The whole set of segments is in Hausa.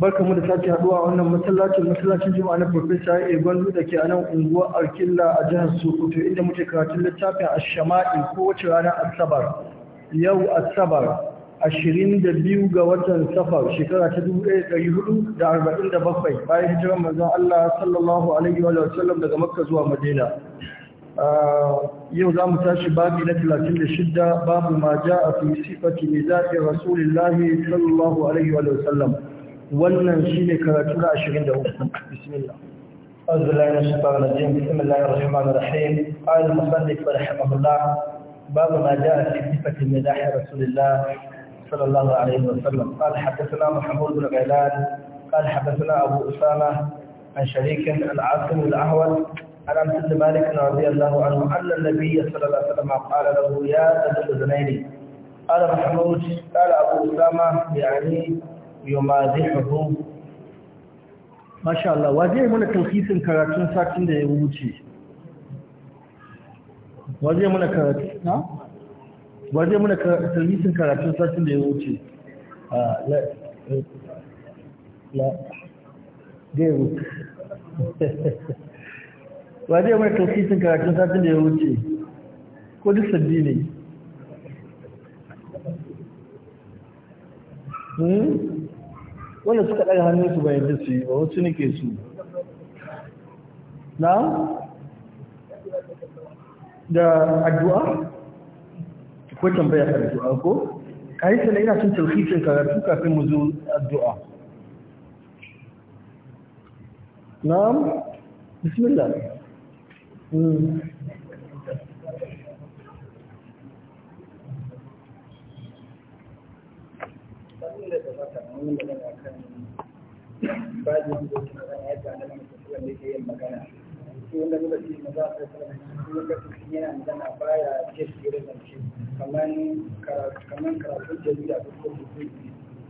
barka mu da sake haduwa a wannan masallacin masallacin juma'a na farfesa ya gwandu da ke a nan unguwar arkilla a jihar sokoto inda muke karatun littafin a ashama'i kowace ranar asabar yau asabar 22 ga watan safar shekara ta 1447 bayan hijirar manzon Allah sallallahu alaihi wa sallam daga makka zuwa madina yau za mu tashi babi na 36 babu ma ja'a fi sifati niza'i rasulillahi sallallahu alaihi wa sallam wannan shine karatu na 23 bismillah أعوذ بالله من الشيطان الرجيم بسم الله الرحمن الرحيم قال المصنف رحمه الله باب ما جاء في صفة مداح رسول الله صلى الله عليه وسلم قال حدثنا محمود بن غيلان قال حدثنا أبو أسامة عن شريك العاصم عاصم الأهول عن أنس بن مالك رضي الله عنه أن النبي صلى الله عليه وسلم قال له يا ذا الأذنين قال محمود قال أبو أسامة يعني yumazihu mashallah Allah waje mana talhisin karatun satin da ya wuce waje mana karatu na waje mana talhisin karatun satin da ya wuce a ah, la la dewu waje mana talhisin karatun satin da ya wuce ko duk sabbi ne hmm? wanda suka ɗaga hannun su bayan su yi ba wasu nake su na da addu'a ko tambaya addu'a ko Ka kai sai ina cin tauhidin karatu kafin mu zo addu'a na bismillah hmm. babu wani da magana ya ga nan mutum da yake yin magana Su shi wanda muka ce maza su kai kuma ga yana magana baya ke shi da zance kamar karatu kamar karatu jarida ko kuma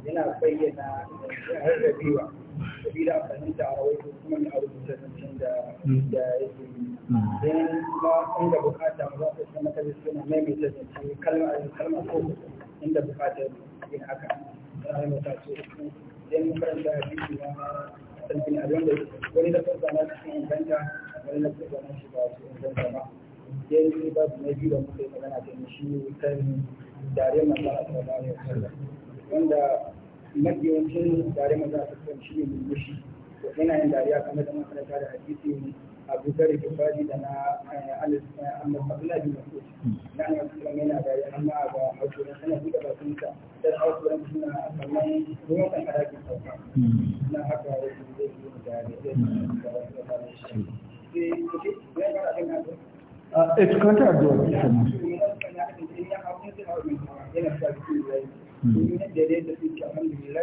yana bayyana har da biwa sabida a fahimta a rawaito kuma na a ta zancen da ya yake yi dan kuma inda bukata maza a kai maka suna maimaita zancen kalma kalma ko inda bukata yin haka. Ra'ayin mutasu idan karanta a cikin na sarfin abin da wani da na cikin inganta wani na kusa na shi ba su inganta ba ya yi ba su na biyu da muka yi magana ta shi kan dare maza a tsara ne wanda mafiyancin dare maza a tsara shi ne yana yin dariya kamar da makaranta da hadisi abu zar gifari da na eh, eh, abdullahi bin masud na ne wasu kuma yana da amma ga masoran da buɗe bakin sa da hausuran suna kamar ruwan kan haraki sauka na haka da su zai yi da ya zai da wasu da ba shi sai eh, kuke zai fara kan yi a cikin ah, ta addu'a ta sama yana da da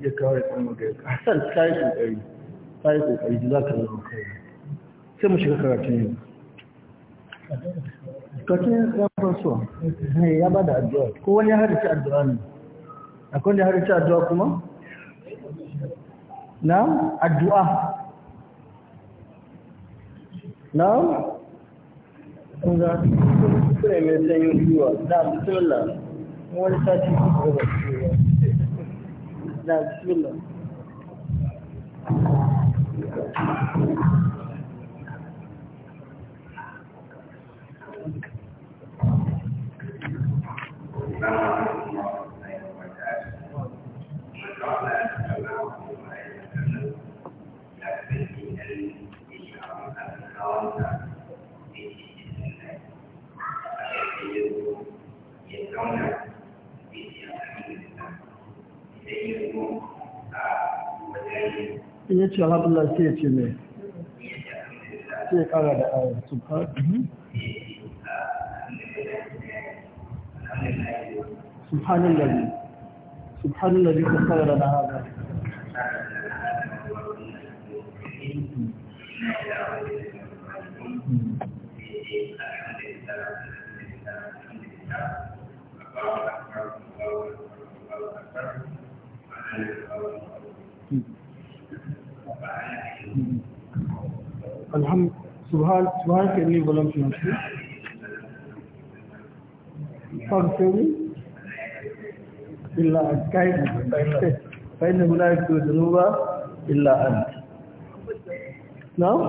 ya kawo ya tsamo da ya kawo hassan yi kokari ta yi kokari za ka zama kai sai mu shiga karatun yau karatun ya farsuwa ya ba da addu'a ko wani ya harice addu'a ne akwai wanda ya harice addu'a kuma na addu'a na kunga kure mai sanyin zuwa da bismillah wani sati kuma ba su Evet, bismillah. Thank you. in ya ce alhamdulillah sai ya ce mai sai ya kara da ayar su mhm. subhanan lalli subhanan kara da haka. سبحانك إني ظلمت نفسي فاغفرني إلا أنت فإنه لا يغفر الذنوب إلا أنت نعم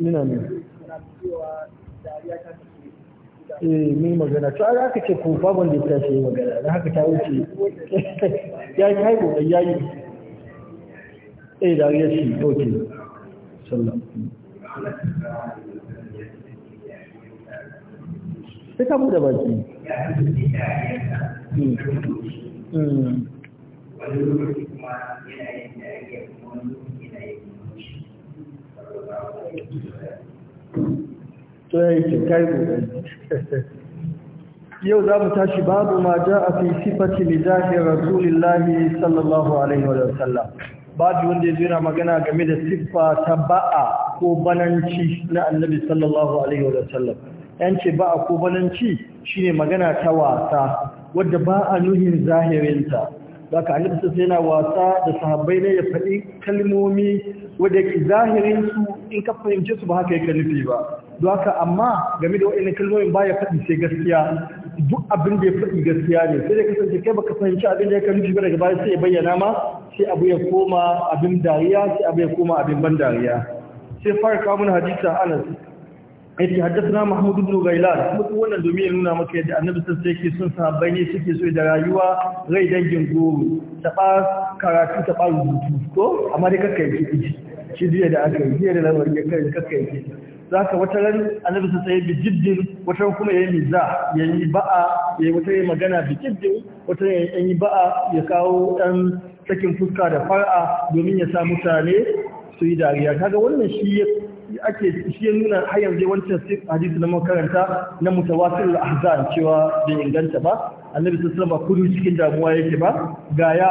من أمين eh magana to ai aka ce kofa ban da ta magana da haka ta wuce ya kai ya yi eh da ya okay sallallahu sai hmm. Hmm. ka bude baki to yi kai yau za mu tashi babu ma ja a fi sifati lizahin rasulillahi sallallahu alaihi wa sallam babu wanda ya zira magana game da siffa ta ba'a ko bananci na annabi sallallahu alaihi wa sallam yanci ba a kobalanci shine magana ta wasa wadda ba a nuhin zahirinta ka annabi sai yana wasa da sahabbai ne ya faɗi kalmomi wadda ke zahirin in ka fahimce su ba haka yake nufi ba don haka amma game da waɗannan kalmomin ba ya faɗi sai gaskiya duk abin da ya faɗi gaskiya ne sai dai kasance kai baka fahimci abin da ya kalli ba daga baya sai ya bayyana ma sai abu ya koma abin dariya sai abu ya koma abin ban dariya sai fara kawo mana hadisa Anas yace haddathna mahmud ibn gailan mutum wannan domin ya nuna maka yadda annabi sallallahu alaihi wasallam sun sahabbai ne suke so da rayuwa rai dangin goro ta ba karatu ta ba rubutu ko amma dai kakkai shi jiya da aka yi da ya kai kakkai Za zaka wata ran annabi sallallahu alaihi wasallam jiddin wata kuma yayi miza yayi ba'a magana bi wata yayi ba'a ya kawo dan sakin fuska da far'a domin ya sa mutane su yi dariya kaga wannan shi ake shi ya nuna har yanzu wancan hadisi na makaranta na mutawatir ahzan cewa bai inganta ba annabi sallallahu alaihi kudu cikin damuwa yake ba gaya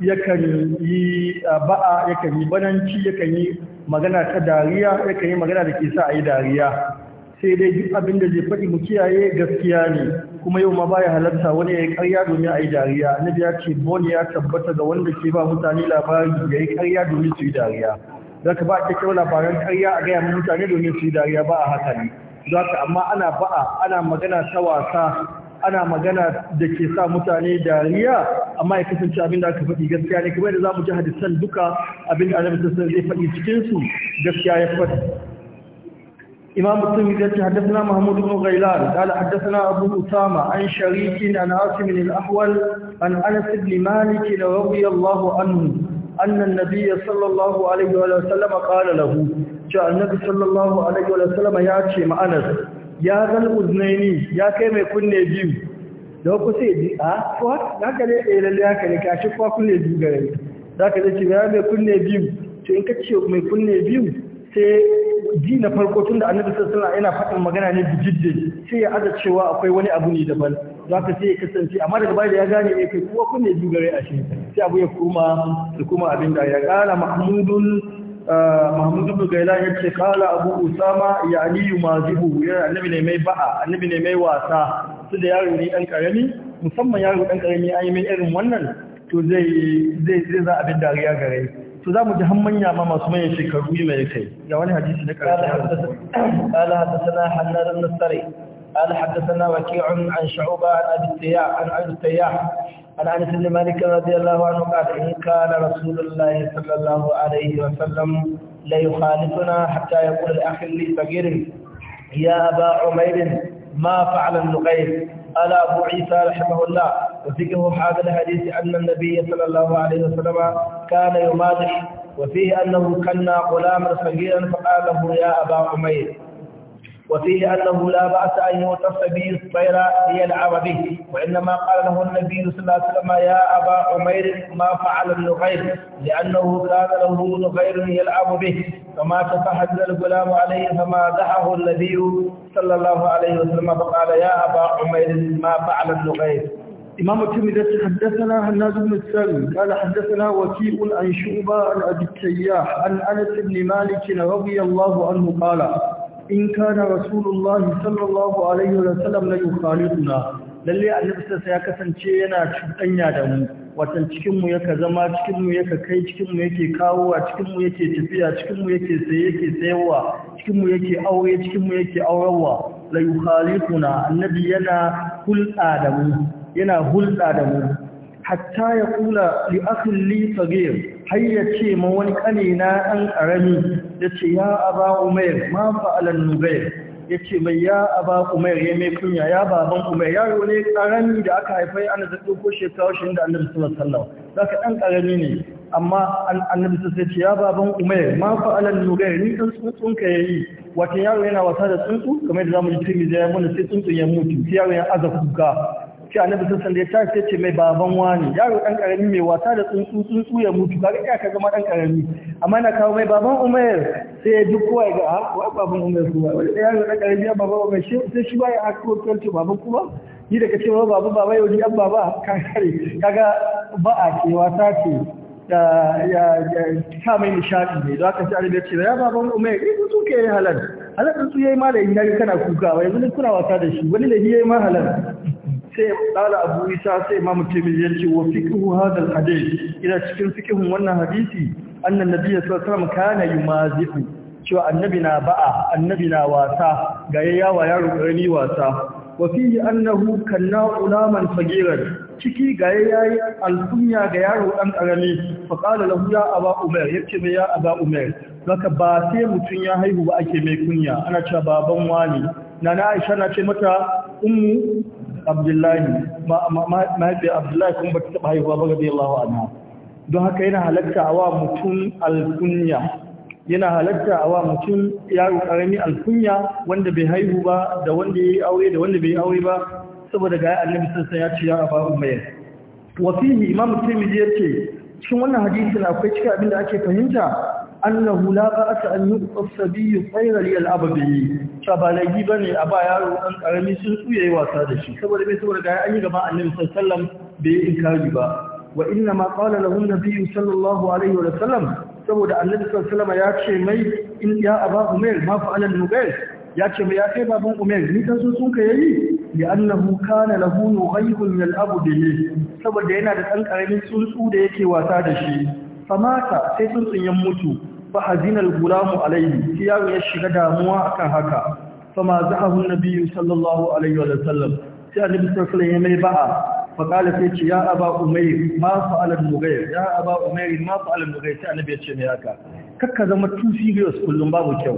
yakan yi ba'a yakan yi bananci yakan yi magana ta dariya yakan yi magana da ke sa a yi dariya sai dai duk abin da zai faɗi mu kiyaye gaskiya ne kuma yau ma baya halarta wani ya yi ƙarya domin a yi dariya annabi ya ce bone ya tabbata ga wanda ke ba mutane labari ya yi ƙarya domin su yi dariya Zaka ba a kyakkyau labaran karya a gaya mutane domin su yi dariya ba a haka ne za ka amma ana ba'a ana magana ta wasa ana magana da ke sa mutane dariya amma ya kasance abin da aka faɗi gaskiya ne kuma da za mu ji hadisan duka abin da annabi zai faɗi cikinsu su gaskiya ya faɗi Imam إمام الترمذي حدثنا محمود بن غيلان قال حدثنا أبو أسامة عن شريك عن عاصم an ana أنس Maliki مالك رضي Yallahu Anhu. أن النبي صلى الله عليه وسلم قال له جاء النبي صلى الله عليه وسلم يأتي مع أنس يا ذا الأذنين يا كيما يكون بيو لو كسي ها فوات ذاك لي إيه للي هكا لك أشوف كل بيو غيري ذاك لي يا ما يكون بيو to in ka ce mai kunne biyu sai ji na farko tun da annabi sallallahu alaihi wasallam yana faɗin magana ne bijidde sai ya aza cewa akwai wani abu ne za ka sai ya kasance amma daga baya da ya gane ne kai kuwa kun biyu gare a shi sai abu ya koma su kuma abin da ya kala mahmudun mahmudu bin gaila ya ce kala abu usama ya aliyu mazibu ya annabi ne mai ba'a annabi ne mai wasa su da yaro ne dan karami musamman yaro dan karami an yi mai irin wannan to zai zai zai za abin dariya gare to za mu ji hammanya ma masu manyan shekaru mai kai ga wani hadisi na karshe قال حدثنا حنان بن قال حدثنا وكيع عن شعوبة عن أبي التياح عن أبي التياح عن أنس بن مالك رضي الله عنه قال إن كان رسول الله صلى الله عليه وسلم ليخالفنا حتى يقول الأخ لي يا أبا عمير ما فعل النقيب ألا أبو عيسى رحمه الله وفيه هذا الحديث أن النبي صلى الله عليه وسلم كان يمادح وفيه أنه كنا غلاما صغيرا فقال له يا أبا عمير وفيه أنه لا بأس أن يوتف به الطير ليلعب به وإنما قال له النبي صلى الله عليه وسلم يا أبا عمير ما فعل النغير لأنه كان له نغير يلعب به فما تفحد الغلام عليه فما دعه النبي صلى الله عليه وسلم فقال يا أبا عمير ما فعل النغير إمام الترمذي حدثنا هناد بن السلم قال حدثنا وكيء عن شعبة عن أبي التياح عن أنس بن مالك رضي الله عنه قال in kana rasulullahi sallallahu alaihi wa sallam la yukhaliduna lalle annabi sai ya kasance yana cuɗanya da mu watan cikin mu yake zama cikin mu yake kai cikin mu yake kawo a cikin mu yake tafiya cikin mu yake sai yake sayarwa cikin mu yake aure cikin mu yake aurarwa la yukhaliduna annabi yana hulda da mu yana hulɗa da mu hatta ya kula li akhin li sagir har ya ce ma wani kane na an karami yace ya aba umair ma fa'ala nugair yace mai ya aba umair ya mai kunya ya baban umair yaro ne karami da aka haifa ana da doko shekaru shin da annabi sallallahu alaihi wasallam zaka dan karami ne amma annabi sai ce ya baban umair ma fa'ala nugair ni dan tsuntsun ka yayi wato yaro yana wasa da tsuntsu kamar da zamu ji tumi zai mun sai tsuntsun ya mutu sai yaro ya aza kuka ce annabi sun san da ya tashi ce mai baban wani yaro dan karami mai wasa da tsuntsu tsuntsu ya mutu kaga iya ka zama dan karami amma na kawo mai baban Umar sai ya duk kowa ga ha ah, wa baban Umar kuma wani yaro dan karami ya baban Umar sai shi ba ya akko kwanci baban kuma ni daga cewa babu baba yau ni baba kan kare kaga ba a ce wata ce da ya ta mai nishadi ne don haka sai arabiya ce ya baban umar ya su ke yi halal halal din su yayi malai ya kana kuka wai ne kuna wasa da shi wani da yayi ma halal sai tsala abu isa sai imamu mutum ya ce wa fiqhu hadha alhadith ina cikin fiqhun wannan hadisi annan nabiyyu sallallahu alaihi wasallam kana yumazihu cewa annabi na ba'a annabi na wasa ga yayawa yaro karami wasa wa fihi annahu kanna ulaman fagiran ciki ga yayi alkunya ga yaro dan karami fa qala lahu ya aba umar yace mai ya aba umar zaka ba sai mutun ya haihu ba ake mai kunya ana cewa baban wani nana aisha na ce mata ummu abdullahi mahaifiyar abdullahi kuma ba ta taɓa haihuwa ba ga Allah anha don haka yana halatta a wa mutum alkunya yana halatta a wa mutum yaro ƙarami alkunya wanda bai haihu ba da wanda ya yi aure da wanda bai yi aure ba saboda ga annabi san ya ce ya raba umayar wafihi imam tirmidhi yace cikin wannan hadisin akwai cikin abin da ake fahimta annahu la ba'ata an yuqaf sabiyyu khayran yal'ab bihi fa balagi bane a ba yaro dan karami sun tsuye wasa da shi saboda bai saboda ga an yi gaba annabi sallallahu alaihi wasallam bai inkari ba wa inna ma qala lahum nabiyyu sallallahu alaihi wa sallam saboda annabi sallallahu ya ce mai in ya aba umair ma fa'ala nugair ya ce mai ya kai baban Umar ni kan so sun kai yi لأنه كان له نغيه يلعب به saboda yana da ɗan ƙaramin tsuntsu da yake wasa da shi famata sai tsuntsun mutu fa hazinal gulamu alayhi shi yaro ya shiga damuwa akan haka fa ma zahu nabiyyu sallallahu alayhi wa sallam sai annabi sallallahu alayhi mai ba'a fa qala ce ya aba umayr ma fa'ala mughayr ya aba umayr ma fa'ala mughayr sai annabi ya ce mai haka kakka zama tufi ga kullun babu kyau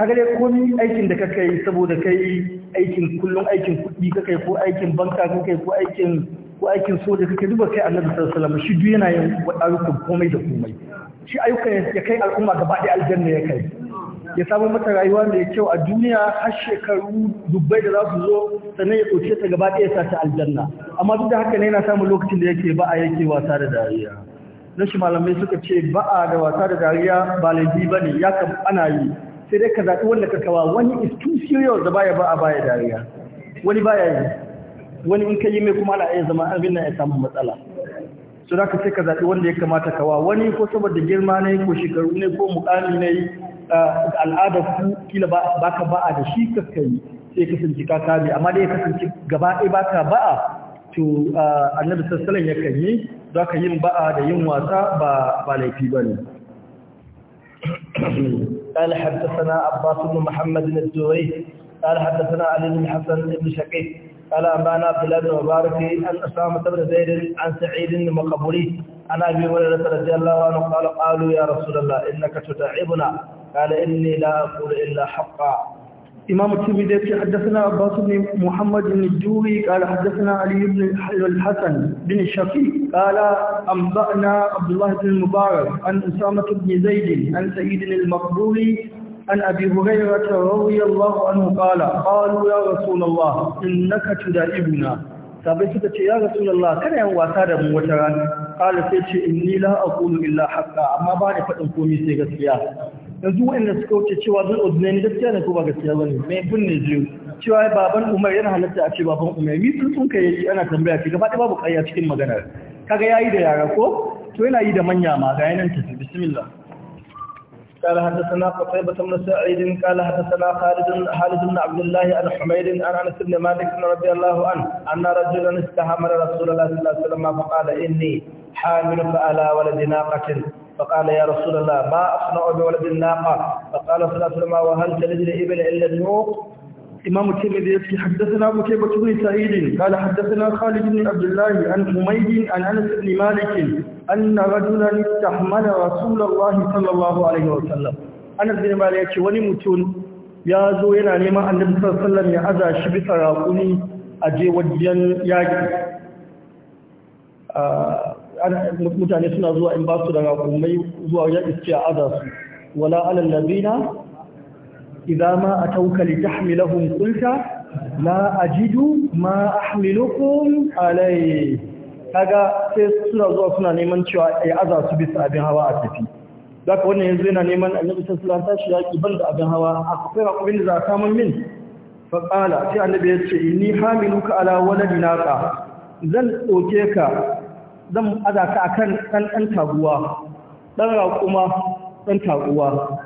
ka gare komai aikin da kake yi saboda kai aikin kullun aikin kudi kake ko aikin banka kake ko aikin ko aikin soja kake duba kai annabi sallallahu alaihi shi duk yana yin ayyukan komai da komai shi ayyukan ya kai al'umma gaba ɗaya aljanna ya kai ya samu mata rayuwa mai kyau a duniya har shekaru dubbai da za su zo sannan ya ɗauke ta gaba ɗaya sa ta aljanna amma duk da haka ne yana samun lokacin da yake ba a yake wasa da dariya na shi malamai suka ce ba a da wasa da dariya ba laifi ba ne ya kam ana yi sai dai ka zaɓi wanda ka kawa wani is too serious da baya ba a baya dariya wani baya yi wani in ka yi mai kuma ana zama abin nan ya samu matsala su da ka sai ka zaɓi wanda ya kamata kawa wani ko saboda girma ne ko shekaru ne ko mukami ne al'ada ku kila ba ka ba'a da shi ka kai sai kasance ka kame amma dai ya kasance gaba ɗaya ba ka ba'a to annabi sassalin ya kan yi za ka yin ba'a da yin wasa ba laifi ba ne قال حدثنا عباس بن محمد الزهري قال حدثنا علي بن حسن بن شقيق قال أنبانا عبد الله بن مبارك أن أسامة بن زيد عن سعيد المقبري عن أبي هريرة رضي الله عنه قال قالوا يا رسول الله إنك تتعبنا قال إني لا أقول إلا حقا إمام الترمذي حدثنا عباس بن محمد بن الدوري قال حدثنا علي بن الحسن بن الشقيق قال أنبأنا عبد الله بن المبارك عن أسامة بن زيد عن سعيد المقبوري عن أبي هريرة رضي الله عنه قال قالوا يا رسول الله إنك تدائبنا sabai suka ce ya rasulullah Kana yan wasa da mu wata rana qala sai ce inni la aqulu illa haqqa amma ba ni fadin komai sai gaskiya yanzu wanda suka wuce cewa zan odne ni gaskiya ne ko ba gaskiya bane me ne jiyo cewa baban Umar yana halatta a ce baban Umar ni sun sun kai yayi ana tambaya ki gaba babu ƙarya cikin magana kaga yayi da yara ko to yana yi da manya ma ga yanan tafi bismillah قال حدثنا قتيبة بن سعيد قال حدثنا خالد خالد بن عبد الله عن حميد عن انس بن مالك رضي الله عنه ان رجلا استحمل رسول الله صلى الله عليه وسلم فقال اني حامل فعلى ولد ناقة فقال يا رسول الله ما اصنع بولد الناقة فقال صلى الله عليه وسلم وهل تلد الابل الا النوق إمام الترمذي يسكي حدثنا قتيبة بن سعيد قال حدثنا خالد بن عبد الله عن حميد عن أنس بن مالك أن رجلا استحمل رسول الله صلى الله عليه وسلم أنس بن مالك ونمتون ya zo yana neman annabi sallallahu ya aza shi bisa raƙuni a je wajen yaƙi mutane suna zuwa in ba su da raƙumai zuwa ya iske a aza su wala alal labina Iza ma atawka litahmilahum qulta la ajidu ma ahmilukum alai kaga sai suna zuwa suna neman cewa ai aza su bisa abin hawa a tafi zaka wannan yanzu yana neman annabi sallallahu alaihi wasallam ya ban da abin hawa akwai abin da za ka mun min fa qala sai annabi ya ce inni hamiluka ala waladina ka zan doke ka zan aza ka akan dan ɗan taguwa Ɗan raƙuma dan taguwa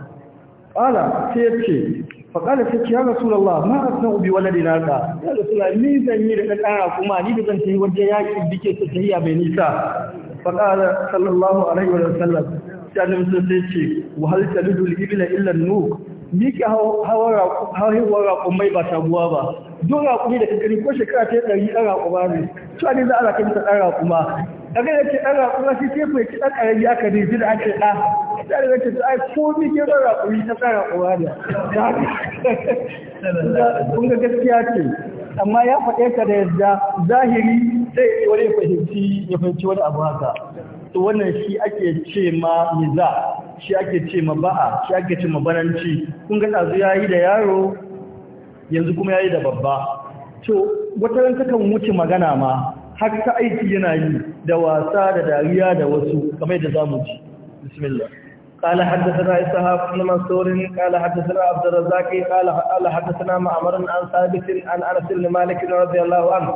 qala sai yace fa qala sai ya rasulullah ma asna'u bi waladina ka ya rasulullah ni zan yi da dan kuma ni da zan tafi wajen yaki dike ta tafiya bai nisa fa sallallahu alaihi wa sallam sai annabi sai ce wa hal talidu al-ibla illa an-nuk miki hawar rakumai ba sabuwa ba don rakumi da kakari ko shekara ta ɗari ɗan rakuma ne su ne za a raka mita ɗan rakuma daga yake ɗan rakuma shi teku ya ci ɗan ƙarami aka ne da ake ɗa da zai ta ai ko ni ke ba ta tsara uwa da kun ga gaskiya ce amma ya faɗe ka da yadda zahiri zai wani fahimci ya fahimci wani abu haka to wannan shi ake ce ma miza shi ake ce ma ba'a shi ake ce ma bananci kun ga ya yi da yaro yanzu kuma ya yi da babba to wata ran wuce magana ma har ta aiki yana yi da wasa da dariya da wasu kamar da zamu ji bismillah قال حدثنا إسحاق بن منصور قال حدثنا عبد الرزاق قال حدثنا معمر عن ثابت عن أنس بن مالك رضي الله عنه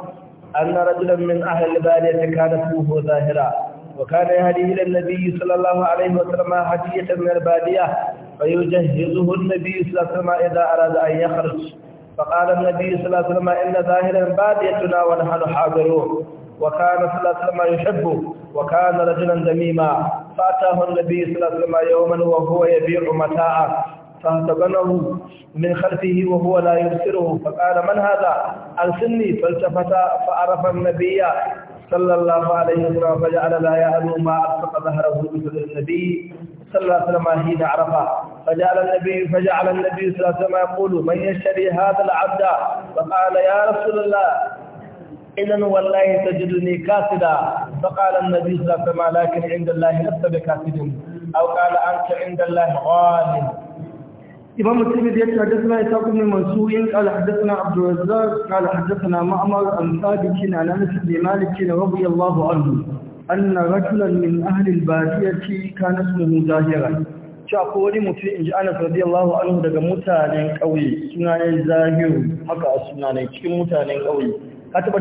أن رجلا من أهل البادية كان فوه ظاهرا وكان يهدي إلى النبي صلى الله عليه وسلم هدية من البادية فيجهزه النبي صلى الله عليه وسلم إذا أراد أن يخرج فقال النبي صلى الله عليه وسلم إن ظاهرا باديتنا ونحن حاضرون وكان صلى الله عليه وسلم يحبه وكان رجلا ذميما فأتاه النبي صلى الله عليه وسلم يوما وهو يبيع متاعه فاهتبنه من خلفه وهو لا يبصره فقال من هذا أرسلني فالتفت فعرف النبي صلى الله عليه وسلم فجعل لا يعلم ما ألصق ظهره مثل النبي صلى الله عليه وسلم حين عرفه فجعل النبي فجعل النبي صلى الله عليه وسلم يقول من يشتري هذا العبد فقال يا رسول الله إذا والله تجدني كاسدا فقال النبي صلى الله عليه وسلم لكن عند الله لست بكاسد أو قال أنت عند الله غالب إمام الترمذي يقول حدثنا إساق بن منصور قال حدثنا عبد الرزاق قال حدثنا معمر عن ثابت عن أنس بن مالك رضي الله عنه أن رجلا من أهل البادية كان اسمه زاهرا cewa ko wani mutum رضي الله عنه radiyallahu anhu قوي mutanen زاهر حقا zahiru haka a قوي cikin mutanen ƙauye ka taba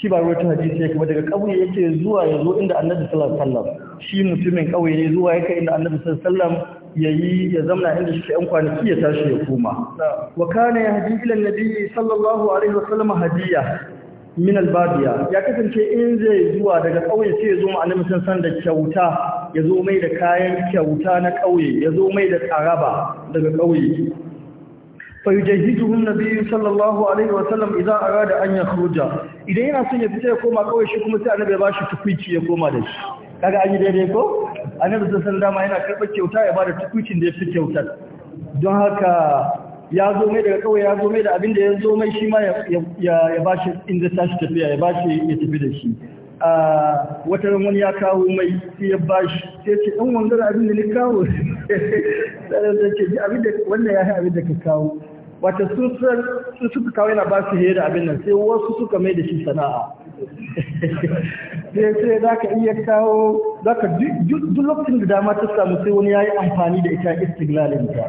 shi ba ta hadisi ya kuma daga ƙauye yake zuwa ya zo inda annabi sallallahu alaihi wasallam shi mutumin ƙauye ne zuwa yake inda annabi sallallahu alaihi wasallam yayi ya zamna inda shi ɗan kwanaki ya tashi ya koma wa kana yahdi ila nabi sallallahu alaihi wasallam hadiya min albadiya ya kasance in zai zuwa daga ƙauye sai ya zo ma annabi sallallahu da kyauta ya zo mai da kayan kyauta na ƙauye ya zo mai da tsaraba daga ƙauye sallallahu alaihi wa sallam arada an yakhruja idan yana son ya fita ya koma kawai shi kuma sai annabi ya bashi سأنا ya koma da shi kaga an yi daidai ko annabi sallallahu alaihi wasallam yana karɓar kyauta ya bada tukucin da ya fi kyautar don haka ya zo mai daga kawai ya zo mai da abin da ya zo mai shi ma ya ya bashi inda tashi tafiya ya bashi ya tafi da shi a wata wani ya kawo mai sai ya bashi sai ce dan wanda abin da ni kawo sai ce abin da wannan ya abin da ka kawo wata sun suka kawo na ba su hira da abin nan sai wasu suka mai da shi sana'a sai sai za ka iya kawo za ka duk lokacin da dama ta samu sai wani ya yi amfani da ita istiglalin ta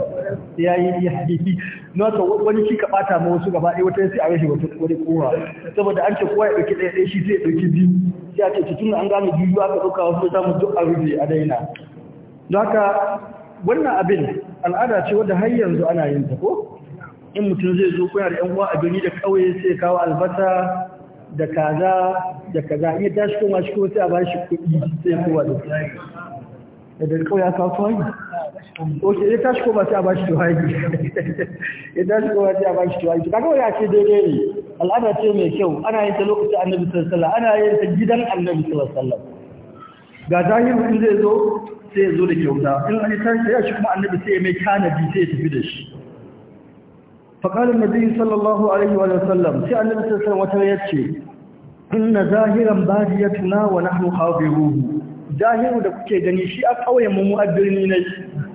ya yi ya yi nata wani shi ka bata ma wasu gaba ɗaya wata sai a rashe wata wani kowa saboda an ce kowa ya ɗauki ɗaya ɗaya shi zai ɗauki biyu sai a ce tutun an gane biyu aka ɗauka wasu za mu duk a rufe a daina don haka wannan abin al'ada ce wadda har yanzu ana yin ta ko in mutum zai zo kuna da yan uwa a gari da kawai sai kawo albasa da kaza da kaza iya tashi kuma shi kuma sai a bashi kuɗi sai kowa da da da kauye ya kawo tuwayi oke ya tashi kuma sai a bashi tuwayi ya tashi kuma sai a bashi tuwayi kaga wani a ce daidai ne al'ada ce mai kyau ana yin ta lokaci annabi sallallahu alaihi ana yin ta gidan annabi sallallahu alaihi wasallam ga zahirin zai zo sai ya zo da kyauta in an yi tashi ya shi kuma annabi sai ya mai tanadi sai ya tafi da shi فقال النبي صلى الله عليه وسلم سأل النبي صلى الله عليه وسلم inna zahiran badiyatuna wa nahnu hadiruhu zahiru da kuke gani shi a kauyen mu ne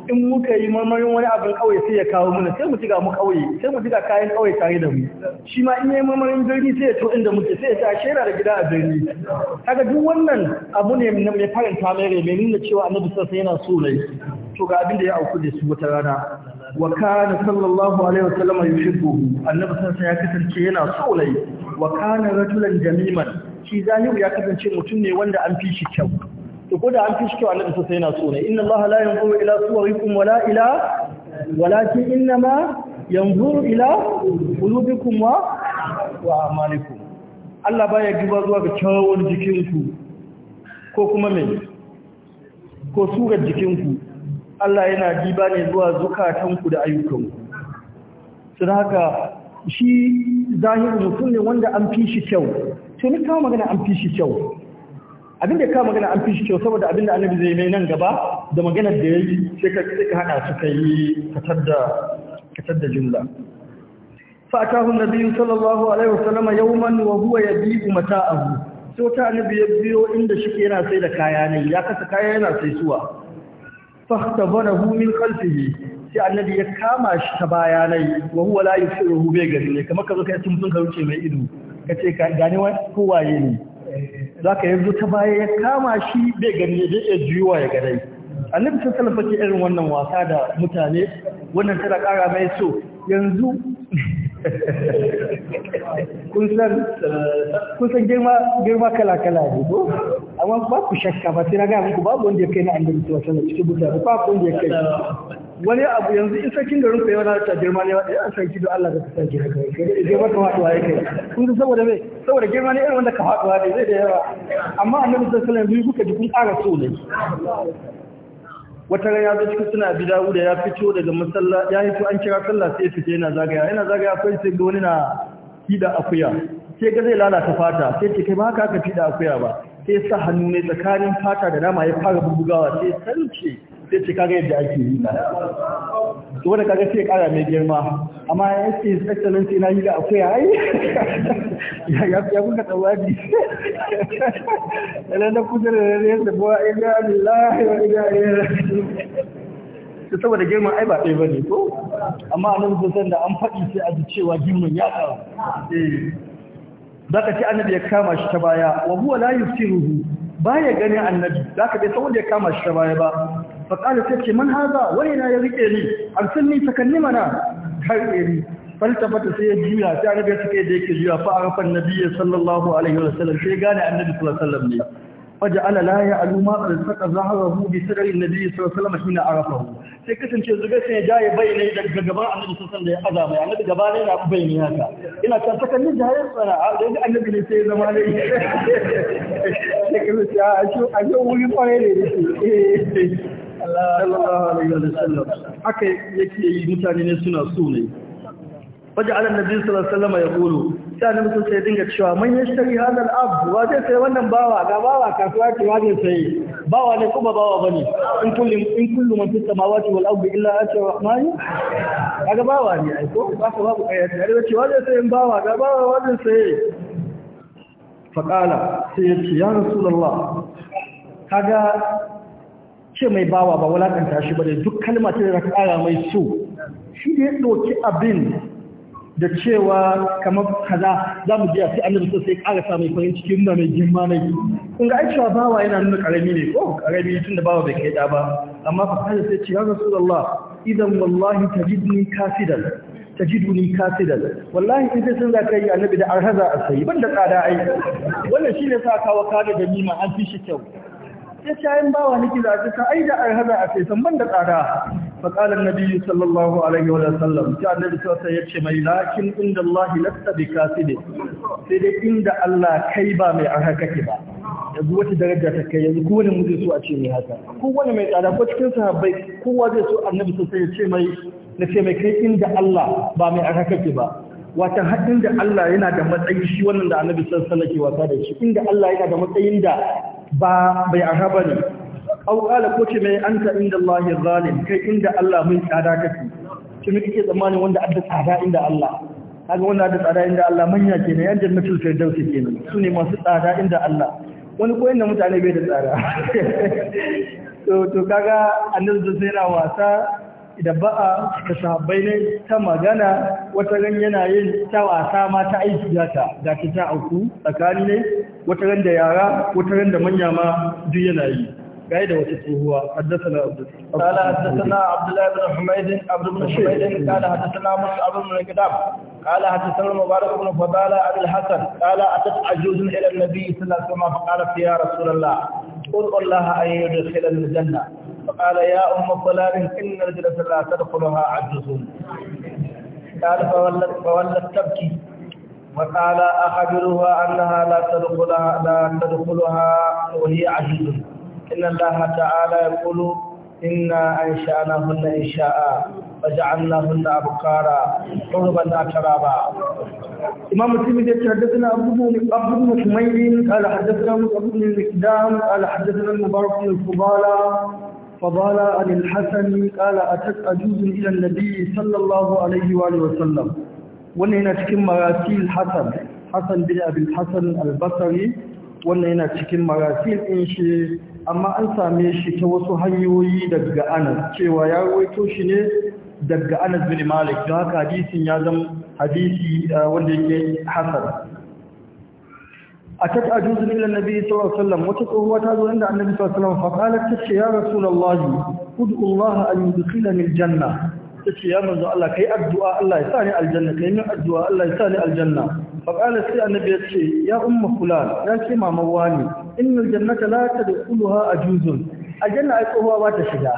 in muka yi marmarin wani abin kauye sai ya kawo mana sai mu tiga mu kauye sai mu tiga kayan kawai tare da mu shi ma in yi marmarin birni sai ya to inda muke sai ya a shera da gida a birni kaga duk wannan abu ne mai faranta mai mai nuna cewa annabi sallallahu yana so ne to ga abin da ya auku da su wata rana wa kana sallallahu alaihi wasallam yuhibbu annabi sallallahu ya kasance yana so lai wa kana rajulan jamiman shi zalimu ya kasance mutum ne wanda an fi shi kyau to ko da an fi shi kyau annabi sallallahu yana so ne inna allah la yanzuru ila suwarikum wala ila walakin innama yanzuru ila qulubikum wa wa amalikum Allah baya giba zuwa ga kyawun jikinku ko kuma me ko ga jikinku Allah yana diba ne zuwa zukatanku da ayyukanku sun haka shi zahiru mutum ne wanda an fi shi kyau to ni kawo magana an fi shi kyau abin da kawo magana an fi shi kyau saboda abin da annabi zai mai nan gaba da maganar da ya yi sai ka haɗa su ka yi katar da jumla فأتاه yau صلى wa huwa ya bi ku mata abu. sai wata annabi ya biyo inda shi yana sai da kaya ne ya kasa kaya yana sai suwa fahtabarahu min khalfihi sai annabi ya kama shi ta bayanai wa huwa la yusiruhu bai gari ne kamar ka zo kai tun ka wuce mai ido ka ce ka gane wani kowaye ne zaka yanzu ta baya ya kama shi bai gari ne bai juyowa ya gadai annabi sallallahu alaihi wasallam irin wannan wasa da mutane wannan tana kara mai so yanzu kun san girma kala-kala ne ko amma ba ku shakka ba sai na gaya muku babu wanda ya kai na annabi ta wasan da cikin mutane ba ku wanda ya kai wani abu yanzu in sarkin garin ku yana ta girma ne wanda an san kido Allah da ta gida kai kai girma ka faduwa ya kai kun san saboda me saboda girma ne irin wanda ka faduwa ne zai da yawa amma annabi sallallahu alaihi wasallam kuka ji kun ƙara so ne wata ran ya zo cikin suna abi wuda ya fito daga masalla ya hito an kira sallah sai fita yana zagaya yana zagaya akwai sai ga wani na fida akuya sai ga zai lalata fata sai ce kai ba haka ka fida akuya ba sai sa hannu ne tsakanin fata da nama ya fara bugawa sai sarce sai ce kaga yadda ake yi na to wanda kaga sai kara mai girma amma ya ce sai na da akwai yi, ya ya kuka Yana na kudin da ne da ba ila Allah wa ila to saboda girman ai ba ɗaya ne ko amma anan zuzan da an faɗi sai a ji cewa girman ya ƙaru zaka ci annabi ya kama shi ta baya wa huwa la yusiruhu baya ganin annabi zaka ka san wanda ya kama shi ta baya ba faƙala ta ce man haza wani na ya rike ni an sun ni takanni mana karɓe ni faltafata sai ya juya sai annabi ya kai da yake juya fa na annabi sallallahu alaihi wa sallam sai gane annabi sallallahu alaihi wa sallam ne faja'ala la ya'lu ma qad saqa zahrahu bi sadri annabi sallallahu alaihi wa sallam hina arafahu sai kasance zuga sai ya jaye ne daga gaban annabi sallallahu alaihi wa sallam da ya azama annabi gaba ne na bai ne haka ina ta sakanni jaye tsara da annabi ne sai zama ne sai kasance a shi a yau wuri kwarai ne eh sallallahu alaihi wa sallam haka yake yi mutane ne suna so ne waje ala nabi sallallahu alaihi wa sallam ya golo sai annabi sun sai dinga cewa man yashtari hada al-ab wa zai sai wannan bawa ga bawa kasuwa ce wa zai sai bawa ne kuma bawa bane in kullum in kullum man fis samawati wal ardi illa ati rahmani kaga bawa ne ai ko ba ka babu kai da ce wa zai sai bawa ga bawa wa zai sai faƙala sai ya ce ya rasulallah kaga ce mai bawa ba wulaƙanta shi ba da duk kalma ce da ƙara mai so shi da ya ɗauki abin da cewa kamar kaza za mu biya sai an da sai ƙara sa mai farin cikin da mai girma mai kun ga aicewa bawa yana nuna ƙarami ne ko ƙarami tun da bawa bai kai da ba amma ka kada sai ce ya Allah idan wallahi ta kafidan duni kafidan wallahi in sai sun za ka yi annabi da arhaza a sayi ban da tsada ai wannan shine sa kawo kada da nima an fi shi kyau ya ce ayin bawa niki za a ce ai da arhaza a sai ban da tsada faƙalar nabi sallallahu alaihi wa sallam ta annabi sassa ya ce mai lakin inda Allah lasta bi kaside sai dai inda Allah kai ba mai arha kake ba yanzu wata daraja ta kai yanzu kowane mu zai so a ce mai haka kowane mai tsada ko cikin sahabbai kowa zai so annabi sassa ya ce mai na ce mai kai inda Allah ba mai arha kake ba wata haɗin da Allah yana da matsayi shi wannan da annabi sallallahu alaihi wa sallam ke wasa da shi inda Allah yana da matsayin da ba bai aka ba ne au ko ce mai anta inda Allah zalim kai inda Allah mun tsada kake ki muke ke tsammanin wanda adda tsada inda Allah kaga wanda adda tsada inda Allah manya ne, yan jannatul ke ne, su ne masu tsada inda Allah wani koyon da mutane bai da tsada to kaga annabi sai na wasa da ba'a ta sahabbai ne ta magana wata ran yana yin ta wasa ma ta aiki data da ta ta auku tsakani ne wata ran da yara wata ran da manya ma duk yana yi قاعد وتسوه حدثنا عبد قال حدثنا عبد الله بن حميد عبد بن حميد قال حدثنا مصعب بن كتاب قال حدثنا المبارك بن فضالة أبي الحسن قال أتت عجوز إلى النبي صلى الله عليه وسلم فقالت يا رسول الله قل الله أن يدخل الجنة فقال يا أم فلان إن الجنة لا تدخلها عجوز قال فولت فولت تبكي وقال أخبرها أنها لا تدخلها لا تدخلها وهي عجوز إن الله تعالى يقول إنا أنشأناهن إنشاء وجعلناهن أبكارا عربا أترابا إمام الترمذي حدثنا أبو بن أبو بن حميد قال حدثنا أبو بن المقدام قال حدثنا المبارك بن الفضالة فضال عن الحسن قال أتت أجوز إلى النبي صلى الله عليه وآله وسلم ونهنا تكن مراسيل حسن حسن بن أبي الحسن البصري ونهنا تكن مراسيل إنشي amma an same shi ta wasu hanyoyi daga anas cewa ya rawaito shi ne daga anas bin malik don haka hadisin ya zama hadisi eh, wanda yake a atat ajuzun ila na sallallahu alaihi wasallam wata tsohuwa ta zo inda annabi sallallahu alaihi wasallam fa qalat tace ya a ud'u allah an yudkhilani Ta ce ya manzo Allah kai addu'a Allah ya sa ni aljanna kai min addu'a Allah ya sa ni aljanna faƙala sai annabi ya ce ya umma fulan ya ce mama wani innal jannata la tadkhuluha a aljanna ai tsohuwa ba ta shiga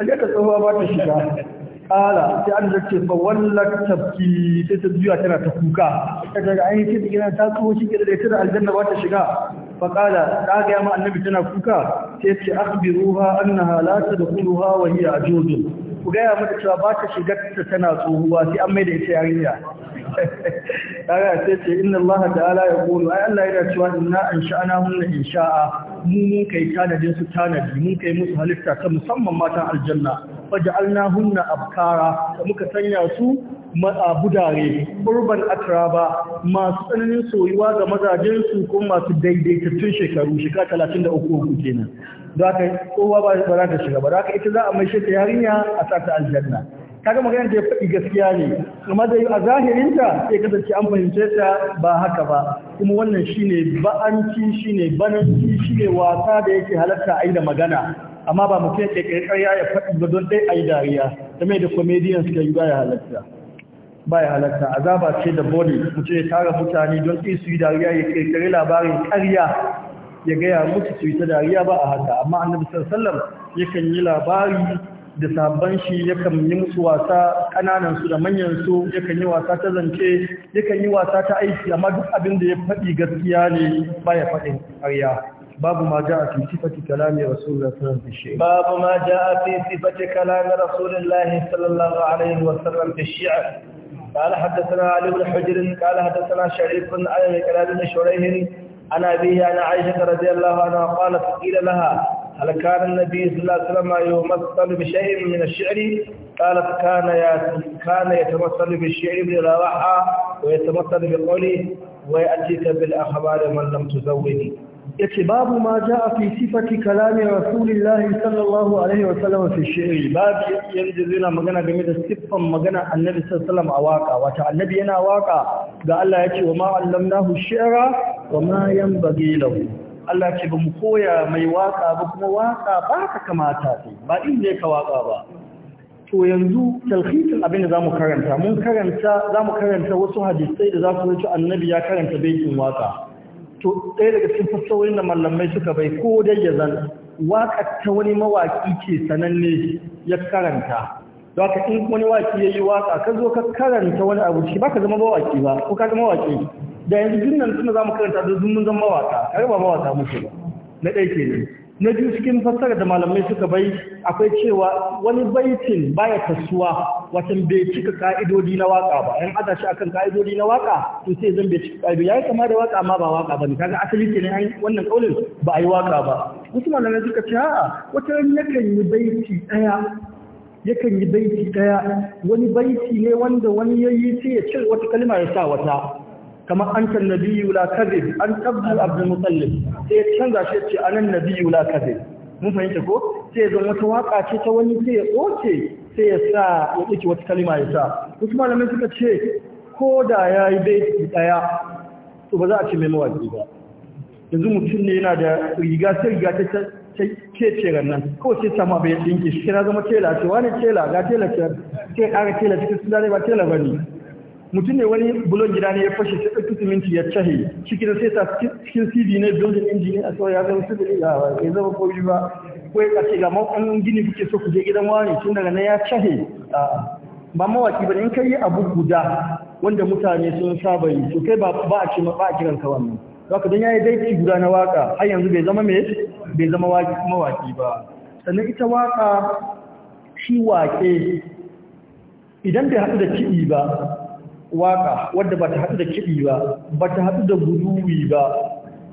aljanna tsohuwa ba ta shiga kala sai an zace fa wallak tabki sai ta juya tana ta kuka ta daga an yi ta gina ta tsoho shi gida da ita da aljanna ba ta shiga Faƙala ta gaya ma annabi tana kuka sai ce akhbiruha annaha la tadkhuluha wa hiya juzun. ku gaya mata cewa ba ta shiga ta tana tsohuwa sai an maida ita yarinya kaga ta ce inna Allah ta'ala ya qulu ai Allah yana cewa inna ansha'nahum la insha'a mu mun kai tanadin su tanadi mun kai musu halitta ta musamman matan aljanna hunna abkara da muka sanya su budare urban atraba masu tsananin soyuwa ga mazajen su kun masu tun shekaru shekara 33 kenan don kowa ba za ta shiga ba aka ita za a mai shi yarinya a sata aljanna kaga maganar da ya faɗi gaskiya ne kuma da a zahirinta sai kasance an fahimce ta ba haka ba kuma wannan shine ba'anci shine bananci shine wasa da yake halatta a yi da magana amma ba mutum yake karya ya faɗi ba don dai a yi dariya game da comedian suka yi baya halatta baya halatta azaba ce da body mutum ya tara mutane don ƙi su yi dariya ya kirkiri labarin ƙarya ya gaya mutu su yi ta dariya ba a haka amma annabi sallallahu yakan yi labari da sabon shi yakan yi musu wasa ƙananan su da manyan su yakan yi wasa ta zance yakan yi wasa ta aiki amma duk abin da ya faɗi gaskiya ne baya faɗin ƙarya باب ما جاء في صفة كلام رسول الله صلى الله عليه وسلم في الشعر باب ما جاء في صفة كلام رسول الله صلى الله عليه وسلم في الشعر قال حدثنا علي بن حجر قال حدثنا شريف على كلام بن شريح عن أبيه عن عائشة رضي الله عنها قالت قيل لها هل كان النبي صلى الله عليه وسلم يمثل بشيء من الشعر قالت كان كان يتمثل بالشعر بن رواحة ويتمثل بقوله ويأتيك بالأخبار من لم تزودي yace babu ma jaa fi sifati kalami rasulillahi sallallahu alaihi wa sallam fi shi'ri babu yanzu zina magana game da siffan magana annabi sallallahu a waka wata annabi yana waka ga Allah yace wa ma allamnahu shi'ra wa ma yanbaghi lahu Allah ce ba mu koya mai waka ba kuma waka ba ka kamata ba. ba din ne ka waka ba to yanzu talhisin abin da zamu karanta mun karanta zamu karanta wasu hadisai da za su wuce annabi ya karanta baitin waka to ɗaya daga cikin fassarorin da mallamai suka bai ko dai ya zan waka ta wani mawaƙi ce sananne ya karanta don haka in wani waƙi ya yi waka ka zo ka karanta wani abu shi ba zama mawaƙi ba ko ka zama mawaƙi da yanzu dinnan nan suna za mu karanta da zumun zan mawaƙa ka ba mawaka muke ba na ɗaya kenan na biyu cikin fassara da malamai suka bai akwai cewa wani baitin baya kasuwa watan bai cika ka'idodi na waka ba yan adashi akan ka'idodi na waka to sai zan bai cika ka'idodi yayi kama da waka amma ba waka bane kaga asali kenan ai wannan kaulin ba ai waka ba wasu malamai suka ce a'a wata ran yakan yi baiti daya yakan yi baiti daya wani baiti ne wanda wani yayi sai ya cire wata kalma ya sa wata kama can nabiyyu la kadhib an tabdu abdul mutallib sai canza shi ce anan nabiyyu la kadhib mun fahimta ko sai zan wata waka ce ta wani sai ya tsoce sai ya sa ya ɗauki wata kalima ya sa wasu malamai suka ce ko da ya yi baiti ɗaya to ba za a ce mai mawaƙi ba yanzu mutum ne yana da riga sai riga ta ce ce nan kawai sai samu abin ya ɗinke shi kira zama tela ce wani tela ga tela ce sai ƙara tela cikin suna ne ba tela ba mutum ne wani bulon gida ne ya fashe sai ɗauki siminti ya cahe cikin sai ta cikin cv ne building engineer a ya zama civil ya zama ko ba ko ya kace ga makon gini kuke so ku je gidan wani tun daga na ya cahe ba mawaki ba in kai abu guda wanda mutane sun saba yi to kai ba a ce ba a kiran ka wannan zaka don ya yi daidai guda na waka har yanzu bai zama mai bai zama mawaki ba sannan ita waka shi wake idan bai haɗu da kiɗi ba waka wadda ba ta haɗu da kiɗi ba ba ta haɗu da guduwi ba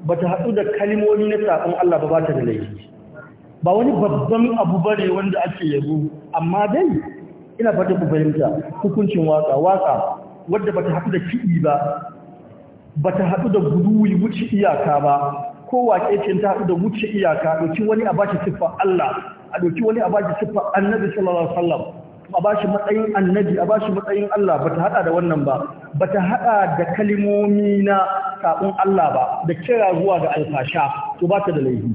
ba ta haɗu da kalimomi na saƙon Allah ba ba ta da laifi ba wani babban abu bare wanda ake yabo amma dai ina fata ku fahimta hukuncin waka waka wadda ba ta haɗu da kiɗi ba ba ta haɗu da guduwi wuce iyaka ba ko wake ce ta haɗu da wuce iyaka ɗauki wani a ba shi siffar Allah a ɗauki wani a ba shi siffar annabi sallallahu alaihi wasallam a bashi matsayin annabi a ba shi matsayin Allah bata hada da wannan ba Ba ta haɗa da kalimomi na sabon Allah ba da kira zuwa ga alfasha to ba ta da laifi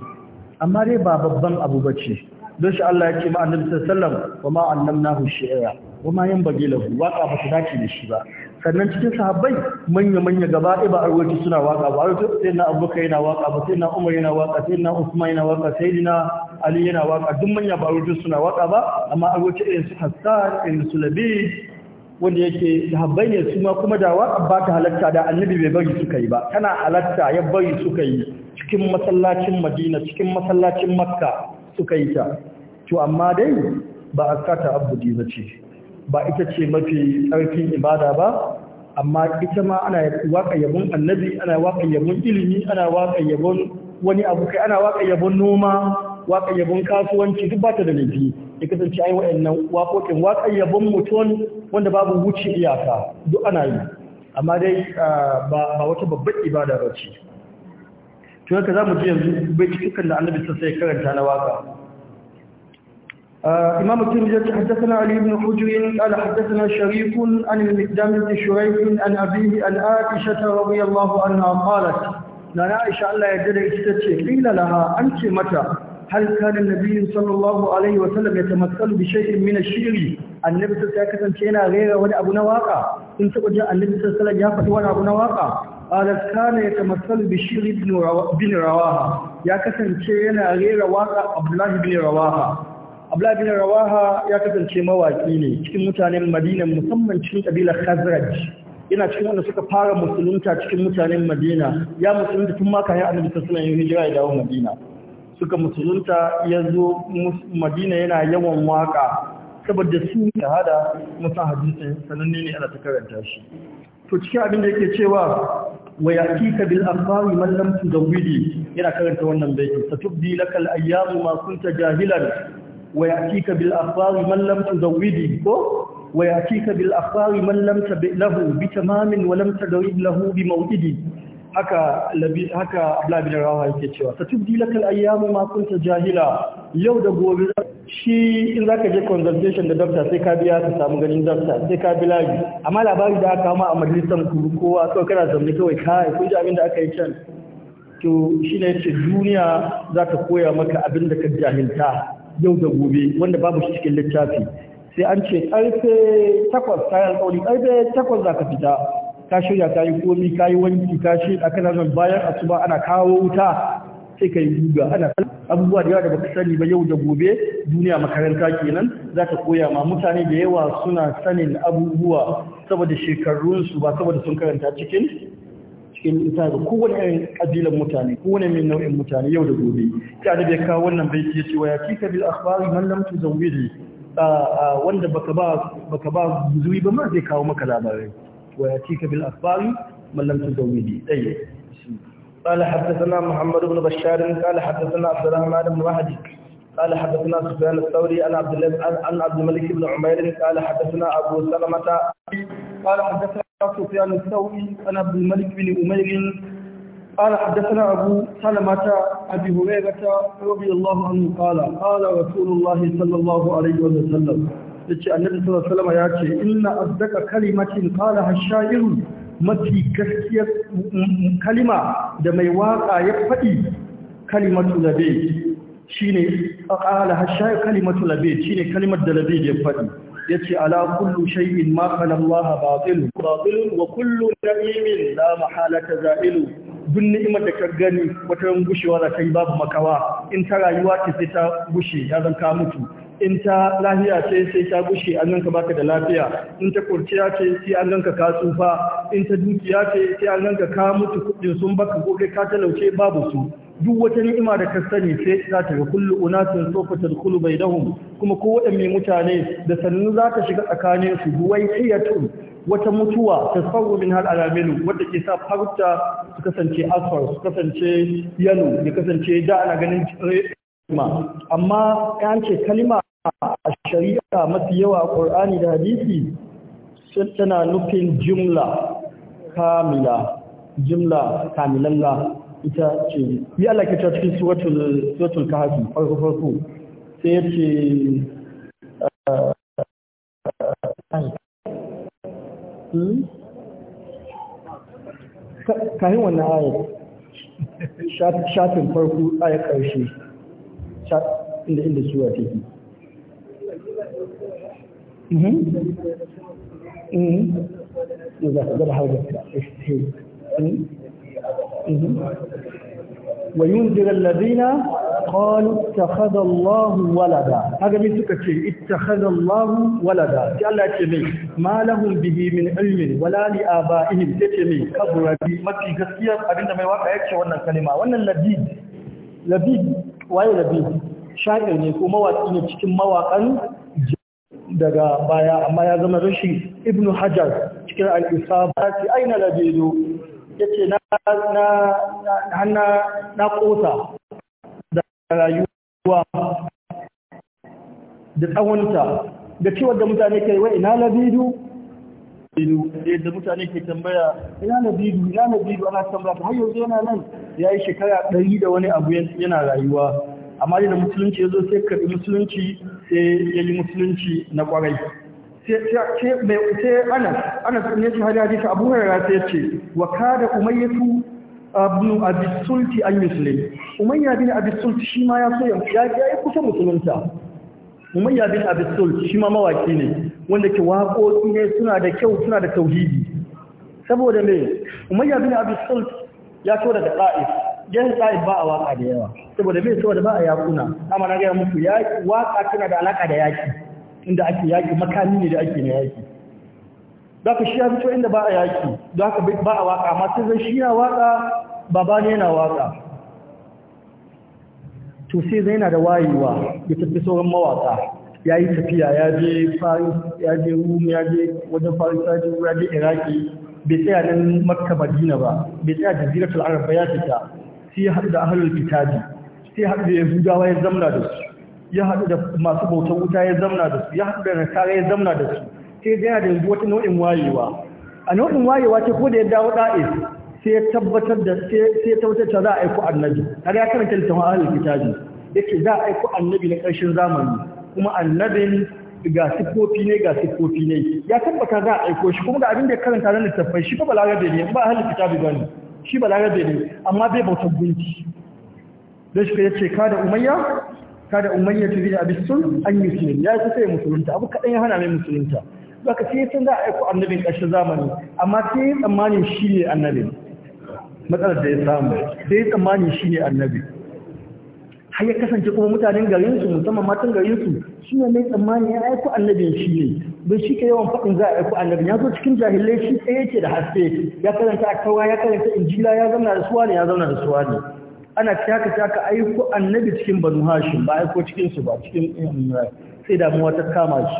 amma dai ba babban abu bace don shi Allah ya ce ma annabi sallallahu alaihi wasallam wa ma annamnahu shi'ra wa ma yan bage lahu waka ba su dace da shi ba sannan cikin sahabbai manya manya gaba ɗaya ba arwaci suna waka ba arwaci sai na abubakar yana waka ba sai na umar yana waka sai na usman yana waka sai dina ali yana waka duk manya ba arwaci suna waka ba amma arwaci irin su hassan irin su labi wanda yake sahabbai ne su ma kuma da waka ba ta halatta da annabi bai bari suka yi ba tana halatta ya bari suka yi cikin masallacin madina cikin masallacin makka suka yi ta to amma dai ba a kata abudi ba ce ba ita ce mafi tsarkin ibada ba amma ita ma ana waƙa annabi ana waƙa ilimi ana waƙa wani abu kai ana waƙa noma waƙa kasuwanci duk ba ta da laifi ya kasance ai wa'annan waƙoƙin waƙa yabon mutum wanda babu wuce iyaka duk ana yi amma dai ba wata babbar ibada ba ce to haka za mu ji yanzu bai cikin da annabi sai karanta na waƙa آه إمام الترمذي حدثنا علي بن حجر قال حدثنا شريك عن المقدام بن شريك عن أبيه عن عائشة رضي الله عنها قالت لنا عائشة الله يجري استتشي قيل لها أنت متى هل كان النبي صلى الله عليه وسلم يتمثل بشيء من الشعر النبي صلى الله عليه وسلم كان غير ولا أبو نواقع أنت قد جاء النبي صلى الله عليه وسلم يافت ولا أبو نواقع قالت كان يتمثل بشعر بن رواها يا كسن كان غير واقع عبد الله بن رواها Abdullahi bin Rawaha ya kasance mawaki ne cikin mutanen Madina musamman cikin kabilar Khazraj. Yana cikin wanda suka fara musulunta cikin mutanen Madina. Ya musulunta tun maka ya Annabi sallallahu alaihi hijira ya dawo Madina. Suka musulunta ya zo Madina yana yawan waka saboda sun yi shahada musa hadisi sananne ne ana ta karanta shi. To cikin abin da yake cewa wa yatika bil afari man lam tudawidi yana karanta wannan baiti satubdi lakal ayyamu ma kunta jahilan ويأتيك بالأخبار من لم تزوده ويأتيك بالأخبار من لم تبئ له بتمام ولم تدرب له بموئد haka haka Abdullah bin Rawaha yake cewa satubdi lakal ayyamu ma kunta jahila yau da gobe shi in zaka je consultation da doctor sai ka biya ka samu ganin doctor sai ka layi amma labari da aka kama a majalisar kurkowa kawai kana zamne kawai kai kun ji abin da aka yi can to shine yace duniya za koya maka abin da ka jahilta yau da gobe wanda babu shi cikin littafi sai an ce karfe takwas kayan alƙawari karfe takwas za ka fita ka shirya ka yi komi ka yi wanki ka shi a kana zan bayan asuba ana kawo wuta sai ka yi guga ana abubuwa da yawa da baka sani ba yau da gobe duniya makaranta kenan za ka koya ma mutane da yawa suna sanin abubuwa saboda shekarunsu ba saboda sun karanta cikin cikin isa ga kowane irin kabilan mutane kowane min nau'in mutane yau da gobe ya da bai kawo wannan baiti yace wa yakika bil akhbari man lam tuzawwidi wanda baka ba baka ba zuri ba ma zai kawo maka labarai wa yakika bil akhbari man lam tuzawwidi dai قال حدثنا محمد بن بشار قال حدثنا عبد الرحمن بن وهدي قال حدثنا سفيان الثوري عن عبد الله عن عبد الملك بن عمير قال حدثنا ابو سلمة قال حدثنا سفيان الثوري عن عبد الملك بن أمير قال حدثنا أبو سلمة أبي هريرة رضي الله عنه قال قال رسول الله صلى الله عليه وسلم yace annabi sallallahu alaihi wasallam ya ce inna asdaqa kalimatin qala hashair mafi gaskiyar kalima da mai waka ya faɗi kalimatu labe shine qala hashair kalimatu labe shine kalimar da labe ya faɗi Ya ce ala kullu shay'in ma kana Allah wa kullu na'imin la mahalata za'ilu duk ni'imar da ka gani wata gushewa da kai babu makawa in ta rayuwa ce sai ta gushe ya zan ka mutu in ta lahiya ce sai ta gushe an ganka baka da lafiya in ta kurciya ce sai an ganka ka tsufa in ta dukiya ce sai an ganka ka mutu kudin sun baka gobe ka talauce babu su duk wata ni'ima da ka sani sai za ta ga kullu unatin sofa tadkhulu bainahum kuma ko wadanne mutane da sannu za ta shiga tsakanin su duwai hiyatun wata mutuwa ta tasawwu min hal alamilu wadda ke sa farta su kasance asfar su kasance yalo ya kasance da ana ganin kalima eh, amma yan ce kalima a shari'a mafi yawa ƙorani da hadisi tana nufin jimla kamila jumla kamilalla ita ce yi alakita cikin suratul kahafi farko farko sai ya ce hmm? kahin wannan ayat shafin farko ayat ƙarshe inda inda suwa take إذا قدر حوجك استحيل وينذر الذين قالوا اتخذ الله ولدا هذا من سكتي اتخذ الله ولدا الله يتمي ما لهم به من علم ولا لآبائهم تتمي كبر بي مكي قصير أبنى ما يواقع يكشي وانا الكلمة وانا اللبيد لبيد واي لبيد شاعر ne ko mawaki ne cikin mawakan daga baya amma ya zama rashi ibn hajar cikin al'isa ba ce aina labedo ya ce na kosa da rayuwa da tsawonta da ciwon da mutane ke wa ina labedo da mutane ke tambaya ina labedo ina labedo ana tambaya ta hanyar zo yana nan ya yi shekara ɗari da wani abu yana rayuwa amma da musulunci ya zo sai karɓi musulunci sai ya yi musulunci na kwarai sai anas anas ne shi hali hadisa abu hurara sai ya ce wa kada umayyatu abu uh, abisulti an musulun umayya bin abisulti shi ma ya so ya yi kusa musulunta umayya bin abisulti shi ma mawaki ne wanda ke waƙoƙi ne suna da kyau suna da tauhidi saboda me umayya bin abisulti ya so daga ta'if yan ta'if ba a waƙa da yawa saboda bai saboda ba a yakuna amma na gaya muku yaki waka tana da alaka da yaki inda ake yaki makami ne da ake na yaki za ka shi ya fito inda ba a yaki za ka ba a waka amma sai zai shi na waka baba ne yana waka to sai zai na da wayewa ya tafi sauran mawaka ya yi tafiya ya je faris ya je rum ya je wajen faris ya je ya je iraki bai tsaya nan makka madina ba bai tsaya jaziratul arab ba ya fita sai ya haɗu da ahlul kitabi sai haɗu da yahudawa ya zamna da su ya haɗu da masu bautar wuta ya zamna da su ya haɗu da nasara ya zamna da su sai ya gana da yanzu wata nau'in wayewa a nau'in wayewa ce ko da ya dawo ɗa'is sai ya tabbatar da sai ya tabbatar da za a aiko annabi har ya karanta littafin ahlul kitabi yake za a aiko annabi na ƙarshen zamani kuma annabin ga sifofi ne ga sifofi ne ya tabbata za a aiko shi kuma ga abin da ya karanta na littafai shi ba balarabe ne ba ahlul kitabi ne shi balarabe ne amma bai bautar gunki shi ya ce kada umayya kada umayya ta bi abi sun an yuslim ya ce sai musulunta abu kaɗan ya hana mai musulunta ka sai sun za a aiko annabin ƙarshen zamani amma sai tsammanin shi ne annabi. matsalar da ya samu sai tsammanin shi ne annabi har ya kasance kuma mutanen garin su musamman matan garin su shi ne mai tsammanin ya aiko annabin shi ne bai shi ka yawan faɗin za a aiko annabin ya zo cikin jahilai shi tsaye ce da haske ya karanta kawai ya karanta injila ya zauna da suwa ne ya zauna da suwa ne ana taka taka aiko annabi cikin banu hashim ba aiko cikin su ba cikin um, sai damuwa ta kama shi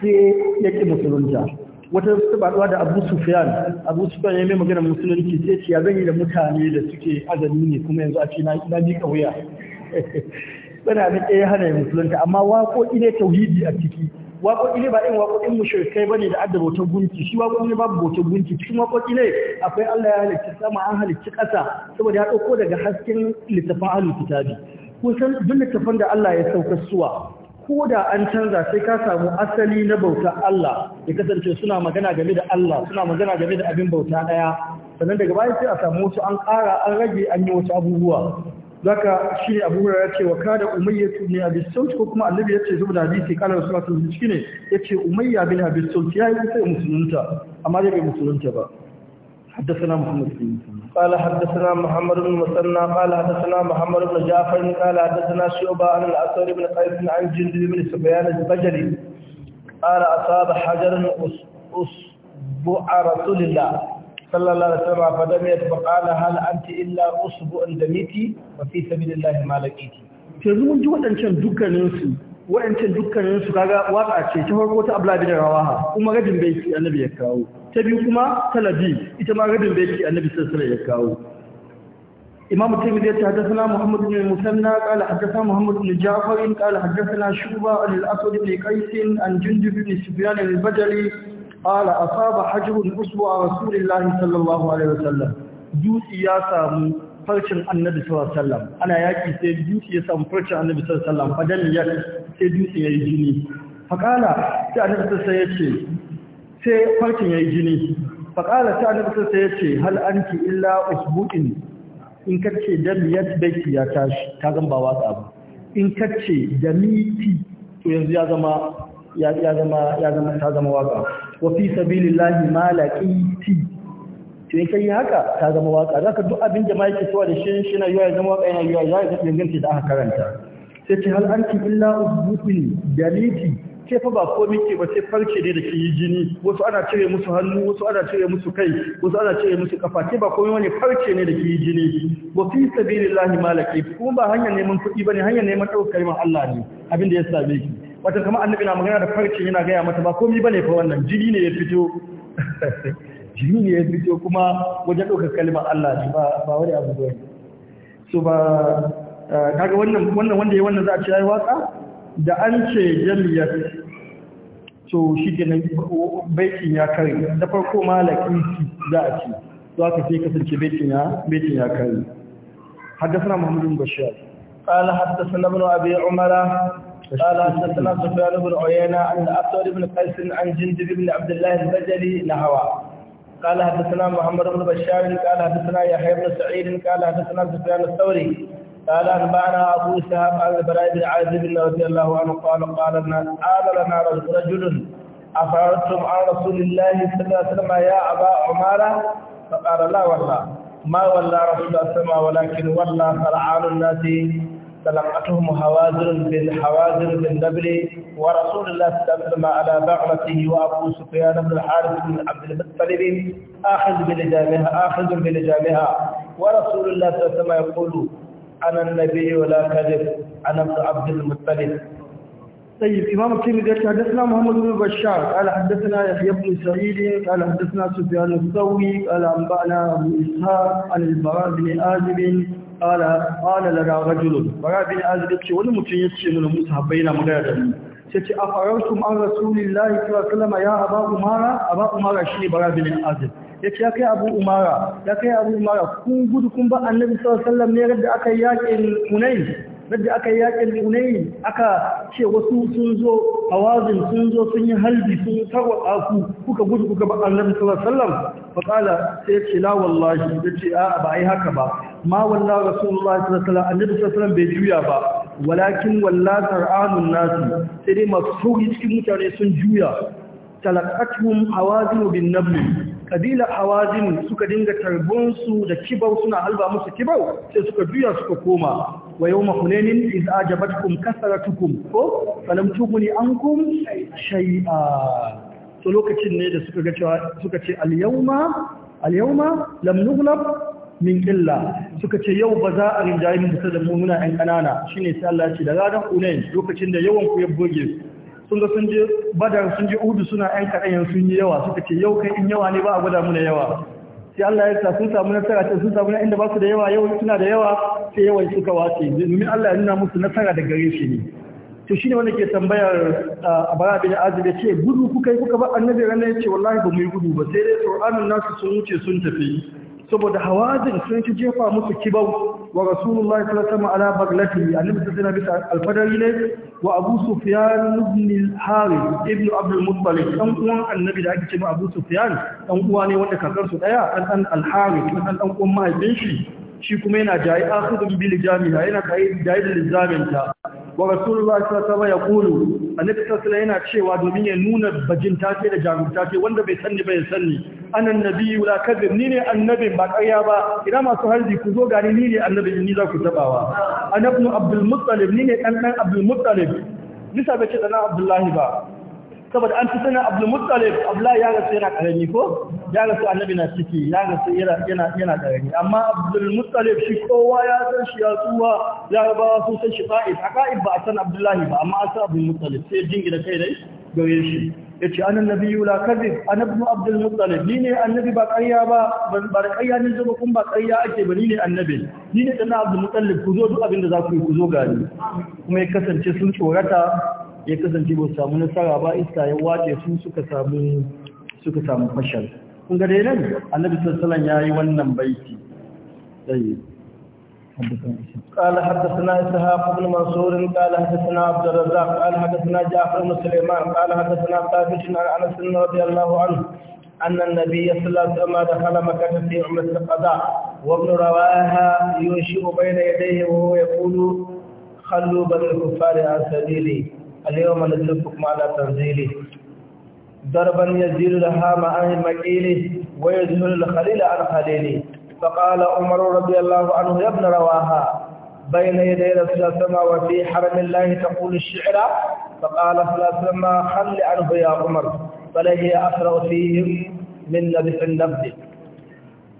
sai yake musulunta wata tabaduwa da Abu Sufyan Abu Sufyan ya mai magana musulunci sai ce ya zan yi da mutane da suke azami ne kuma yanzu a ce na na bi kauya bana da ya hana musulunta amma wako ne tauhidi a ciki waƙoƙi ne ba irin waƙoƙin ba bane da adda bautar gunki shi waƙoƙi ne babu bautar gunki cikin waƙoƙi ne akwai Allah ya halicci sama an halicci ƙasa saboda ya ɗauko daga hasken littafin ahlul kitabi kun san duk littafin da Allah ya sauka suwa ko da an canza sai ka samu asali na bauta Allah ya kasance suna magana game da Allah suna magana game da abin bauta daya sannan daga baya sai a samu wasu an ƙara an rage an yi wasu abubuwa zaka shi Abu Hurairah ce wa kada Umayya ibn Abi Sult ko kuma Annabi yace zuwa da hadisi kana Rasulullah sallallahu alaihi wasallam yace Umayya bin Abi Sult yayi sai musulunta amma dai bai musulunta ba حدثنا محمد بن قال حدثنا محمد بن مسنى قال حدثنا محمد بن جعفر قال حدثنا شعبة عن الأثر بن قيس عن جندب بن سفيان البجلي قال أصاب حجر أصبع رسول الله صلى الله عليه وسلم فدميت فقال هل أنت إلا أصب أن دميتي وفي سبيل الله ما لقيتي yanzu mun ji waɗancan dukkaninsu waɗancan dukkaninsu kaga waka ce ta farko ta abla bin rawaha kuma gadin baiti annabi ya kawo ta biyu kuma talabi ita ma gadin baiti annabi sallallahu alaihi ya kawo إمام الترمذي حدثنا محمد بن المثنى قال حدثنا محمد بن جعفر قال حدثنا شوبة عن الأسود بن قيس عن جندب بن سفيان قال أصاب حجر الأسبوع رسول الله صلى الله عليه وسلم dutse ya samu farcin annabi sallallahu alaihi ana yaki sai dutse ya samu farcin annabi sallallahu alaihi wasallam fadan ya sai dutse yayi jini faqala sai annabi sai yace sai farcin yayi jini faqala sai annabi sai yace hal anti illa usbu'in in kace dam yatbaki ya tashi ka gan ba watsa ba in kace da miti to yanzu ya zama ta zama waka wa fi sabilillahi ma to in kai haka ta zama waka zaka duk abin da mai ke so da shi shi na zama waka yana Za ya ga danganta da aka karanta sai ce hal anti illa uzbutun daliti ke fa ba komai ke ba sai farce ne da ke yi jini wasu ana cire musu hannu wasu ana cire musu kai wasu ana cire musu kafa ke ba komai wani farce ne da ke yi jini wa fi sabilillahi malaki kuma ba hanyar neman kuɗi ne hanyar neman ɗaukar kalmar Allah ne abin da ya same ki wata kama annabi na magana da farce yana gaya mata ba komi bane fa wannan jini ne ya fito jini ne ya fito kuma wajen ɗaukar kalmar Allah ne ba wani abu ba so ba eh, kaga wannan wannan wanda ya wannan za a ce yayi waka da an ce jamiyar to shi ke nan baitin ya kare da farko malaki za a ce za ka sai kasance baitin ya baitin ya kare haddasa muhammadu bashir قال حدثنا ابن ابي عمره قال حدثنا سفيان بن عيينة عن الأسود بن قيس عن جندب بن عبد الله البجلي نحوه قال حدثنا محمد بن بشار قال حدثنا يحيى بن سعيد قال حدثنا سفيان الثوري قال أنبأنا أبو سهاب عن البراء بن عازب رضي الله عنه قال قال لنا قال لنا رجل أفرتم عن رسول الله صلى الله عليه وسلم يا أبا عمارة فقال لا والله ما ولى رسول الله ولكن ولى فرعان الناس تلقتهم هوازن بن حوازن بن نبل ورسول الله صلى الله عليه وسلم على بعرته وابو سفيان بن الحارث بن عبد المطلب اخذ بلجامها اخذ بلجامها ورسول الله صلى الله عليه وسلم يقول انا النبي ولا كذب انا ابن عبد المطلب طيب إمام التيمي قال حدثنا محمد بن بشار قال حدثنا يحيى بن سعيد قال حدثنا سفيان الثوري قال أنبأنا أبو إسحاق عن البراء بن ادم Ƙala qala lana rajulun bara bin azib ce wani mutum yace mana mu sahabbai yana magana da ni. sai ce a afarartum an rasulillahi sallallahu alaihi wasallam ya aba umara aba umara shine bara bin azib yace ya kai abu umara ya kai abu umara kun gudu kun ba annabi sallallahu alaihi wasallam ne da aka yi yakin hunain da aka yi yakin hunayi aka ce wasu sun zo hawazin sun zo sun yi halbi sun tarwatsa ku kuka gudu kuka ba annabi da alaihi wasallam fa qala sai ce la wallahi ce a ba yi haka ba ma wallahi rasulullahi sallallahu alaihi wasallam annabi ta alaihi wasallam bai juya ba walakin wallahi anun nasu sai dai masu sauri cikin mutane sun juya talaqatuhum hawazin bin nabl kabilar hawazin suka dinga tarbunsu da kibau suna halba musu kibau sai suka juya suka koma wa yau mahunenin iz ajabatkum kasaratukum ko falam tuguni ankum shay'a to lokacin ne da suka ga cewa suka ce al-yawma al-yawma lam nughlab min illa suka ce yau ba za a rinjaye mu da mu muna ɗan ƙanana shine sai Allah ya ce da ranar Hunain lokacin da yawan ku ya burge sun ga sun je badar sun je uhudu suna ɗan kaɗan yanzu sun yi yawa suka ce yau kai in yawa ne ba a gwada muna yawa sai Allah ya sun samu nasara ta sun samu na inda ba su da yawa yau suna da yawa sai yawan suka wace domin Allah ya nuna musu nasara da gare shi ne to shine wanda ke tambayar ah, Abara bin Azib ya ce gudu kuka yi kuka ba annabi ranar ya ce wallahi ba mu yi gudu ba sai dai Qur'anun nasu sun wuce sun tafi saboda hawazin sun ci jefa musu kibau wa rasulullahi sallallahu ala baglati annabi sallallahu alaihi wasallam alfadari ne wa abu sufyan ibn al-harith ibn abd al-muttalib dan uwan annabi da ake cewa abu sufyan dan uwa ne wanda kakar su daya dan dan al-harith dan dan uwan mahaifin shi shi kuma yana jayi akhudun bil jami'a yana kai jayi da lizaminta wa rasulullah sallallahu alaihi wasallam annabi sallallahu yana cewa domin ya nuna bajinta ce da jarumta ce wanda bai sanni ba ya sanni anan nabiyyu la kadhib ni ne annabin ba ƙarya ba ina masu harji ku zo gani ni ne annabin ni za ku tabawa anabnu abdul muttalib ni ne dan dan abdul muttalib nisa bace dana abdullahi ba saboda an fi sanin abdul muttalib abdullahi ya rasu yana karami ko ya rasu annabi na ciki ya rasu yana yana karami amma abdul muttalib shi kowa ya san shi ya tsuwa ya raba sun san shi fa'id a fa'id ba a san abdullahi ba amma an san abdul muttalib sai jingina kai dai gare shi yace anan nabiyyu la kadhib ana ibn abdul muttalib ni ne annabi ba ƙarya ba ba da ƙarya ne zo kun ba ƙarya ake ba ni ne annabi ni ne dan abdul muttalib ku zo duk abinda za ku yi ku zo gani kuma ya kasance sun tsorata ya kasance ba samu nasara ba iska ya wace su suka samu suka fashal kun ga dai nan annabi sallallahu ya yi wannan baiti dai قال حدثنا إسحاق بن منصور قال حدثنا عبد الرزاق قال حدثنا جعفر بن سليمان قال حدثنا ثابت عن أنس رضي الله عنه أن النبي صلى الله عليه وسلم دخل مكة في عمرة القضاء وابن رواها ينشئ بين يديه وهو يقول خلوا بني الكفار عن سبيلي اليوم ندلككم على تنزيله ضربا يزيل لها مع مكيله ويزهل الخليل عن خليله فقال عمر رضي الله عنه يا ابن رواها بين يدي رسول الله وفي حرم الله تقول الشعر فقال صلى الله عليه وسلم خل عنه يا عمر فلهي أسرع فيهم من نبث النبذ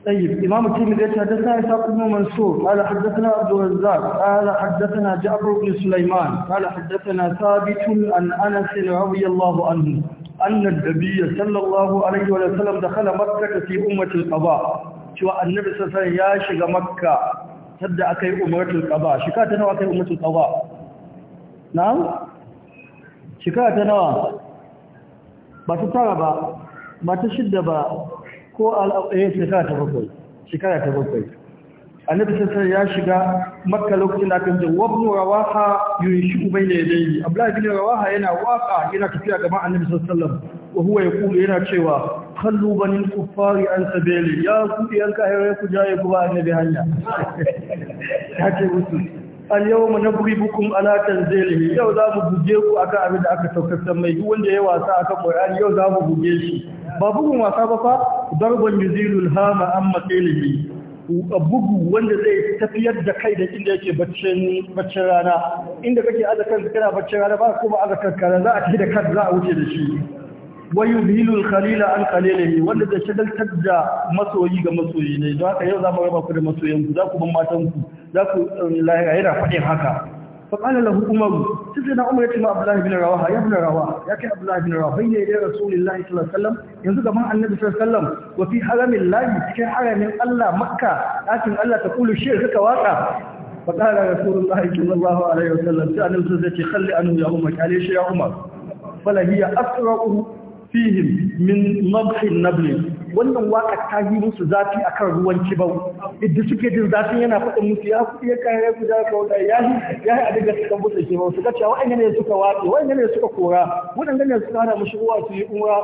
طيب إمام الترمذي حدثنا إسحاق بن منصور قال حدثنا عبد الرزاق قال حدثنا جعفر بن سليمان قال حدثنا ثابت عن أنس رضي الله عنه أن النبي صلى الله عليه وسلم دخل مكة في أمة القضاء شو النبي صلى الله عليه وسلم يشق مكة تبدأ أكي أمة القضاء شكاتنا وأكي أمة القضاء نعم شكاتنا ba ta tara ba ba ko al'auɗaya eh, shekara ta bakwai shekara ta bakwai A na sassar ya shiga makka lokacin da kan jin wabnu rawaha yunshiku bai ne dai abdullahi rawa ha yana waka yana tafiya gaban annabi sallallahu wa huwa yaqulu yana cewa khallu banil an sabeli ya ku yanka ya ku ya kuma ba annabi hanya ya ce musu al buri bukun alatan tanzilihi yau za mu buge ku akan abin da aka saukar mai duk wanda ya wasa akan qur'ani yau za mu buge shi ba bugun wasa ba fa darban yuzilul hama an A bugu wanda zai tafiyar da kai da inda yake baccin rana inda kake azakar kana baccin rana ba kuma azakar kanka za a tafi da kan za a wuce da shi wayu bilul khalila an ne wanda zai shagaltar da masoyi ga masoyi ne don haka yau za mu raba ku da masoyanku za ku ban matanku za ku eh, lahira faɗin haka فقال له عمر سيدنا عمر يتم عبد الله بن رواحه يا ابن رواحه يا كي عبد الله بن رواحه بين يدي رسول الله صلى الله عليه وسلم ينزل كمان النبي صلى الله عليه وسلم وفي حرم الله في حرم الله مكه لكن الله تقول الشيء كك واقع فقال رسول الله صلى الله عليه وسلم سأل الزوجة خل أنه يا عمر عليش يا عمر فلا هي أسرعه fihim min mabhin nabli wannan waka ta yi musu zafi akan ruwan kibau idan suke jin zafin yana faɗin musu ya ku ya kare ku da kauda ya yi ya yi adiga suka buɗe kibau suka ce wa'anda ne suka waɗe wa'anda ne suka kora waɗanda ne suka hana mushi ruwa su yi umra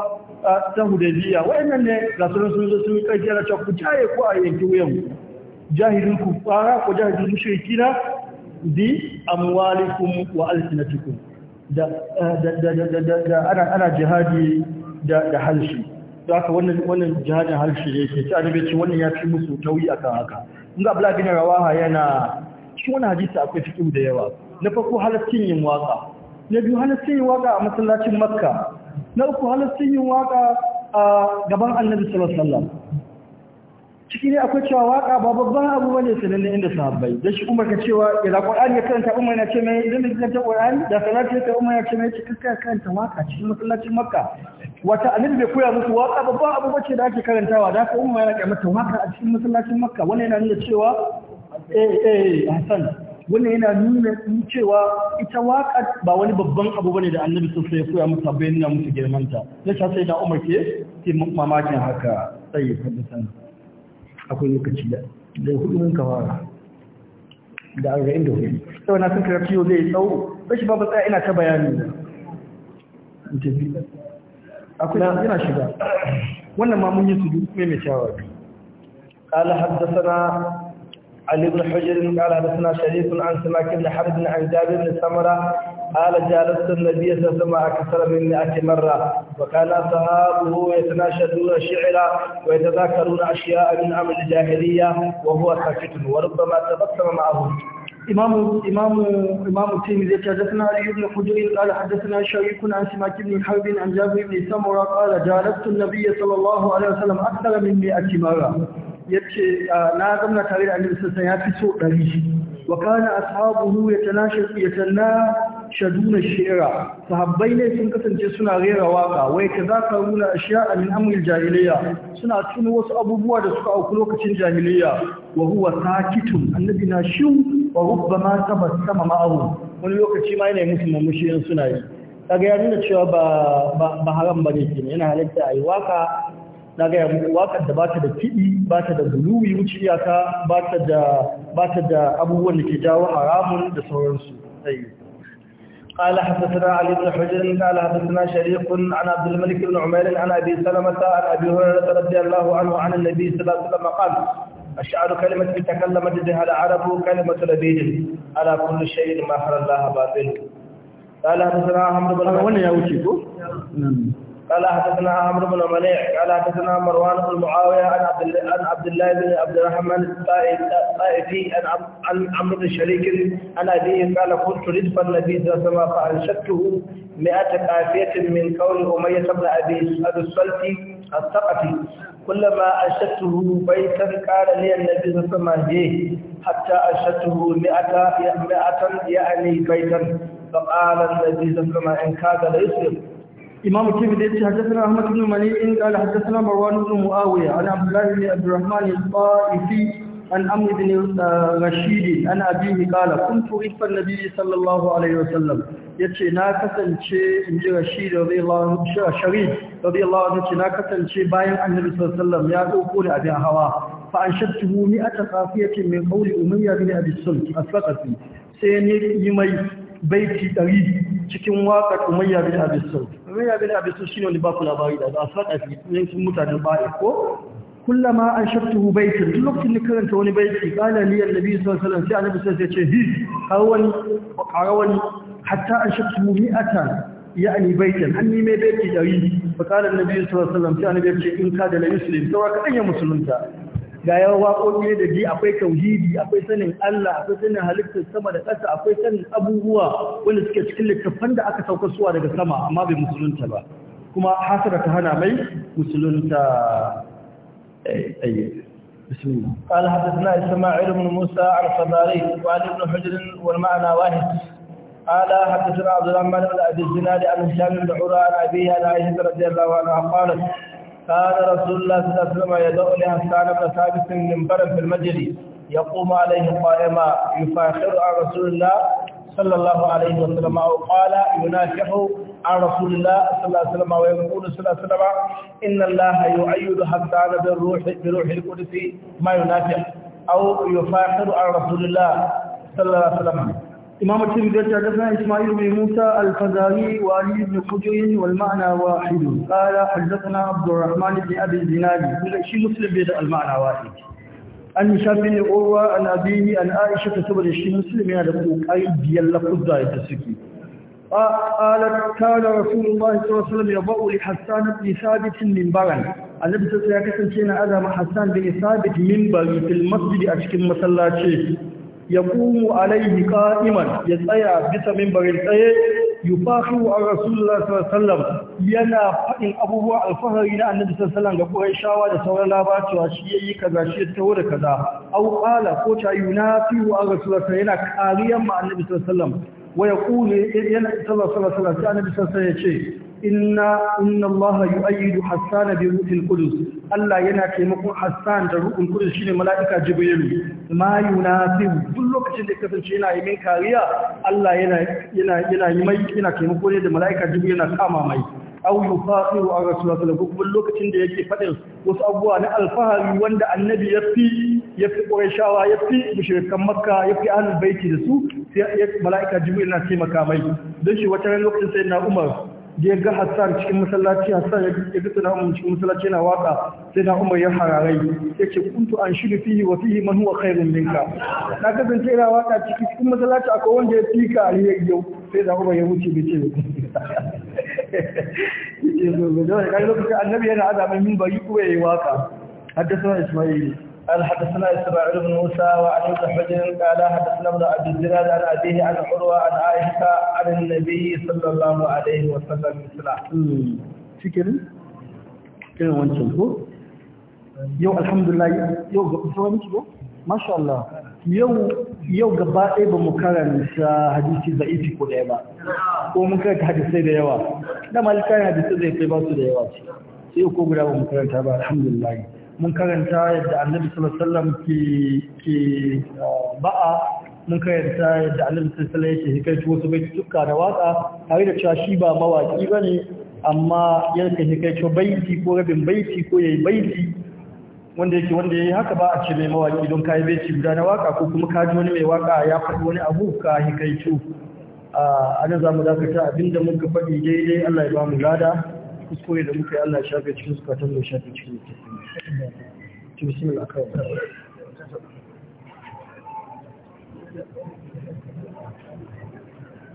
ta hudabiya wa'anda ne ga su sun zo sun yi ƙarfi na cewa ku jaye ku a yanki wuyan jahilin ku fara ko jahilin kina bi amwalikum wa alsinatikum da eh, ana jihadi da halshi da aka wannan jihadin halshi ne ke ci annabi ce wannan ya fi musu tauyi akan haka inda ga bin rawaha yana shi wani hadisi akwai fiqh da yawa na farko halittin yin waka na biyu halittin yin waka a masallacin makka na uku halittin yin waka a gaban annabi sallallahu alaihi wasallam ciki ne akwai cewa waka ba babban abu bane sanannen inda sahabbai da shi umar ka cewa idan qur'ani ya karanta umar na ce mai idan da karanta qur'ani da salati ya umar ya ce mai cikin karanta waka cikin masallacin makka wata annabi bai koya musu waka babban abu bace da ake karantawa da haka umar yana mata waka a cikin masallacin makka wannan yana nuna cewa eh eh hasan wannan yana nuna cewa ita waka ba wani babban abu bane da annabi sun sai koya musu bai nuna musu girmanta sai sai da umar ke ke mamakin haka sai haddasa akwai lokaci da da hudu mun kawara da arba'in da hudu sau na sun kira yau zai tsawo rashi babu tsaya ina ta bayani akwai yana shiga wannan ma mun yi su duk mai cewa قال حدثنا علي بن حجر قال حدثنا شريف عن سماك بن حرب عن جابر بن سمره قال جالست النبي صلى الله عليه وسلم أكثر من 100 مرة وكان أصحابه يتناشدون الشعر ويتذاكرون أشياء من أمر الجاهلية وهو ساكت وربما تبسم معه إمام إمام إمام الترمذي حدثنا علي بن حجر قال حدثنا شريك عن سماك بن حرب عن جابر بن سمرة قال جالست النبي صلى الله عليه وسلم أكثر من 100 مرة yace na gamna tare da annabi sallallahu alaihi wasallam ya fi so dari wa kana ashabuhu yatanashu shaduna Shira, sahabbai ne sun kasance suna rera waka wai ka za ka nuna ashiya min amul jahiliya suna tuno wasu abubuwa da suka auku lokacin jahiliya wa huwa sakitun annabi na shi wa rubbama tabassama ma'ahu wani lokaci ma yana musu mamushi suna yi kaga ya nuna cewa ba ba haram bane kenan yana halatta ayi waka na gaya wakar da bata da kiɗi bata da guluwi wuce iyaka bata da abubuwan da ke jawo haramun da sauransu قال حدثنا علي بن حجر قال حدثنا شريك عن عبد الملك بن عمير عن ابي سلمه عن ابي هريره رضي الله عنه عن النبي صلى الله عليه وسلم قال الشعر كلمة تكلمت بها العرب كلمة لبيد على كل شيء ما حر الله باطل قال حدثنا عمرو بن عمرو يا وشيكو قال حدثنا عمرو بن مليع قال حدثنا مروان بن معاويه عن عبد عن عبد الله بن عبد الرحمن الطائفي عن عمرو بن شريك عن ابيه قال كنت ردف النبي صلى الله عليه وسلم فانشدته 100 قافيه من قول اميه بن ابي السلفي الثقفي كلما انشدته بيتا قال لي النبي صلى الله عليه وسلم حتى انشدته 100 100 يعني بيتا فقال النبي صلى الله عليه وسلم إن كاد ليسلم إمام الترمذي يقول حدثنا أحمد بن منيع قال حدثنا مروان بن معاوية عن عبد الله بن عبد الرحمن الطائفي عن عمرو بن رشيد عن أبيه قال كنت رفق النبي صلى الله عليه وسلم yace na kasance in ji Rashid radiyallahu anhu Sharif radiyallahu anhu na kasance bayan Annabi sallallahu alaihi wasallam ya dauko ni abin hawa fa an shattuhu mi atasafiyatin min qawli Umayya bin Abi Sulth asfaqati sai ne yi mai baiti 100 cikin waƙar Umayya bin Abi Sulth ya bin abisu shine wanda ba ku labari da za a faɗa fi yankin mutanen baya ko kullama an shaftuhu baitin duk lokacin da karanta wani baiti qala li annabi sallallahu alaihi wasallam sai annabi sai ce hi kawani kawani hatta an shaftuhu mi'atan يعني بيتا أني ما بيتي دعي فقال النبي صلى الله عليه وسلم كان بيبكي da كاد ليسلم ترى كأي مسلم Musulunta. ga yawa waƙoƙi da ji akwai tauhidi akwai sanin Allah akwai sanin halittar sama da ƙasa akwai sanin abubuwa wanda suke cikin littattafan da aka sauka suwa daga sama amma bai musulunta ba kuma hasara ta hana mai musulunta eh, eh, قال حدثنا إسماعيل بن موسى الخضاري وعن ابن حجر والمعنى واحد قال حدثنا عبد الرحمن بن أبي الزناد عن هشام بن عروة عن أبيه عن عائشة رضي الله عنها قالت كان رسول الله صلى الله عليه وسلم يدعو لحسان بن ثابت منبرا في المجلس يقوم عليه قائما يفاخر عن رسول الله صلى الله عليه وسلم أو قال يناكح عن رسول الله صلى الله عليه وسلم ويقول صلى الله عليه وسلم إن الله يؤيد حسان بالروح بروح القدس ما يناكح أو يفاخر عن رسول الله صلى الله عليه وسلم إمام الترمذي حدثنا إسماعيل بن موسى الفزاري وعلي بن حجر والمعنى واحد قال حدثنا عبد الرحمن بن أبي الزناد شيء مسلم بهذا المعنى واحد عن هشام بن عروة عن أبيه عن عائشة تبر شيء مسلم هذا قوك أي ديال قضاء التسكي قالت كان رسول الله صلى الله عليه وسلم يضع لحسان بن ثابت منبرا النبي صلى الله عليه وسلم كان أذى حسان بن ثابت منبر في المسجد أشكي مسلاتي ya kumu alaihi ka'iman ya tsaya bisa mimbarin tsaye yufahu a rasulullah sallallahu yana fadin abubuwa alfahari na annabi sallallahu ga shawa da sauran labacewa shi yayi kaza shi tawo da kaza au qala ko ta yunafihu a rasulullah yana kariyan ma annabi sallallahu Waya yaqulu yana sallallahu alaihi wasallam annabi sallallahu ya ce inna inna allaha yu'ayyidu bi ruhil qudus Allah yana taimakon Hassan da ruhul qudus shine mala'ika jibrilu ma yunasib duk lokacin da kasance yana yi kariya Allah yana yana yana yana taimako ne da mala'ika jibril yana kama mai au yufaqiru a rasulullahi ko kuma lokacin da yake faɗin wasu abubuwa na alfahari wanda annabi ya fi ya fi shawa ya fi mushrikan makka ya fi ahlul baiki da su sai malaika jimu na taimaka mai don shi wata ran lokacin na umar da ya ga Hassan cikin masallaci Hassan ya ga tana umar cikin masallaci yana waka sai na umar ya hararai ya ce kuntu an shiru fihi wa fihi man huwa khairun minka na kasance yana waka cikin masallaci akwai wanda ya fika a yau sai da umar ya wuce bai ce kai lokacin annabi yana azamin min bari kuma yayi قال حدثنا إسرائيل بن موسى وعن يوسف قال حدثنا ابن أبي الزناد عن أبيه عن حروة عن عائشة عن النبي صلى الله عليه وسلم مثله. شكرا. كان وانشوفه. يو الحمد لله يو ما شاء الله. yau gaba ɗaya ba mu karanta hadisi da ifi ko ɗaya ba ko mun karanta hadisai da yawa da malikayen hadisi zai kai ba su da yawa ce sai ko guda ba mu karanta ba alhamdulillah mun karanta yadda annabi sallallahu alaihi wasallam ke ke uh, ba'a mun karanta yadda annabi sallallahu alaihi wasallam yake hikaitu wasu bai tukka da waka tare da cewa shi ba mawaki bane amma yake hikaitu baiti ko rabin baiti ko yayi baiti wanda yake wanda yayi haka ba a ce mai mawaki don kai beci guda na waka ko kuma kaji wani mai waka ya faɗi wani abu ka hikaitu a nan zamu dakata abinda muka faɗi daidai Allah ya ba mu lada kuskure da muka yi Allah ya shafe cikin zukatan mu shafe cikin zukatan bismillah kawai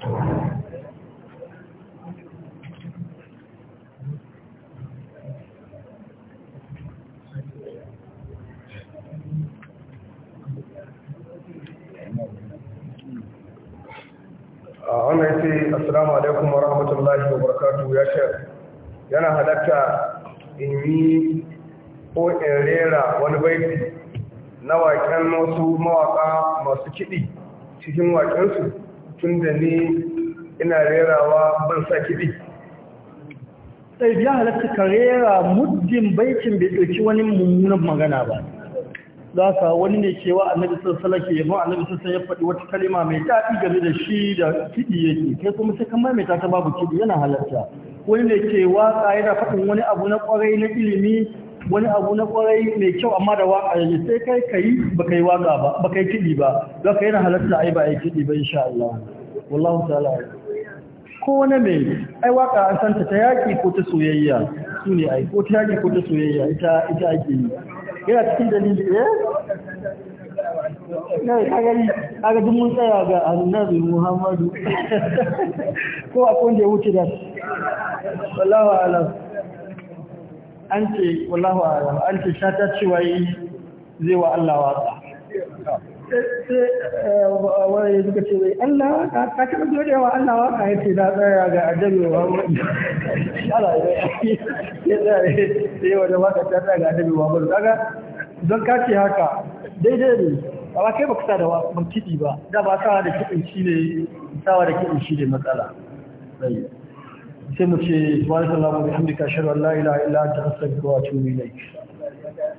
Thank you. ce assalamu alaikum wa rahmatullahi wa barakatu ya shek yana halatta in yi ko in rera wani baiti na waken wasu mawaka masu kiɗi cikin wakensu tun da ni ina rerawa ban sa kiɗi Sai biya halatta ka rera muddin baitin bai ɗauki wani mummunan magana ba za ka wani ne cewa annabi sassala ke yabon annabi sassan ya faɗi wata kalima mai daɗi game da shi da kiɗi yake kai kuma sai kan mai ta babu kiɗi yana halarta wani ne ke waƙa yana faɗin wani abu na ƙwarai na ilimi wani abu na ƙwarai mai kyau amma da waƙa yanzu sai kai ka yi ba ka yi waƙa ba ba ka yi kiɗi ba za ka yana halarta a yi ba a yi kiɗi ba insha Allah wallahu ta'ala ko wani mai ai waƙa an santa ta yaƙi ko ta soyayya su ne ai ko ta yaƙi ko ta soyayya ita ita ake yi yana cikin dalili eh na ka kagari aka mun tsaya ga annabi muhammadu ko a kun da wuce da wallahu alam an ce wallahu alam an ce shata cewa zai wa Allah wasa Eh, eh, wani ya suka ce mai Allah ta kira gode wa Allah waka ya ce na tsaya ga adabewa wani ala ya wani daga don kace haka daidai ne amma kai ba kusa da wakan kiɗi ba da ba sawa da kiɗin shi ne sawa da kiɗin shi ne matsala sai mu ce subhanallahi wa bihamdika ashhadu an la ilaha illa anta astaghfiruka wa atubu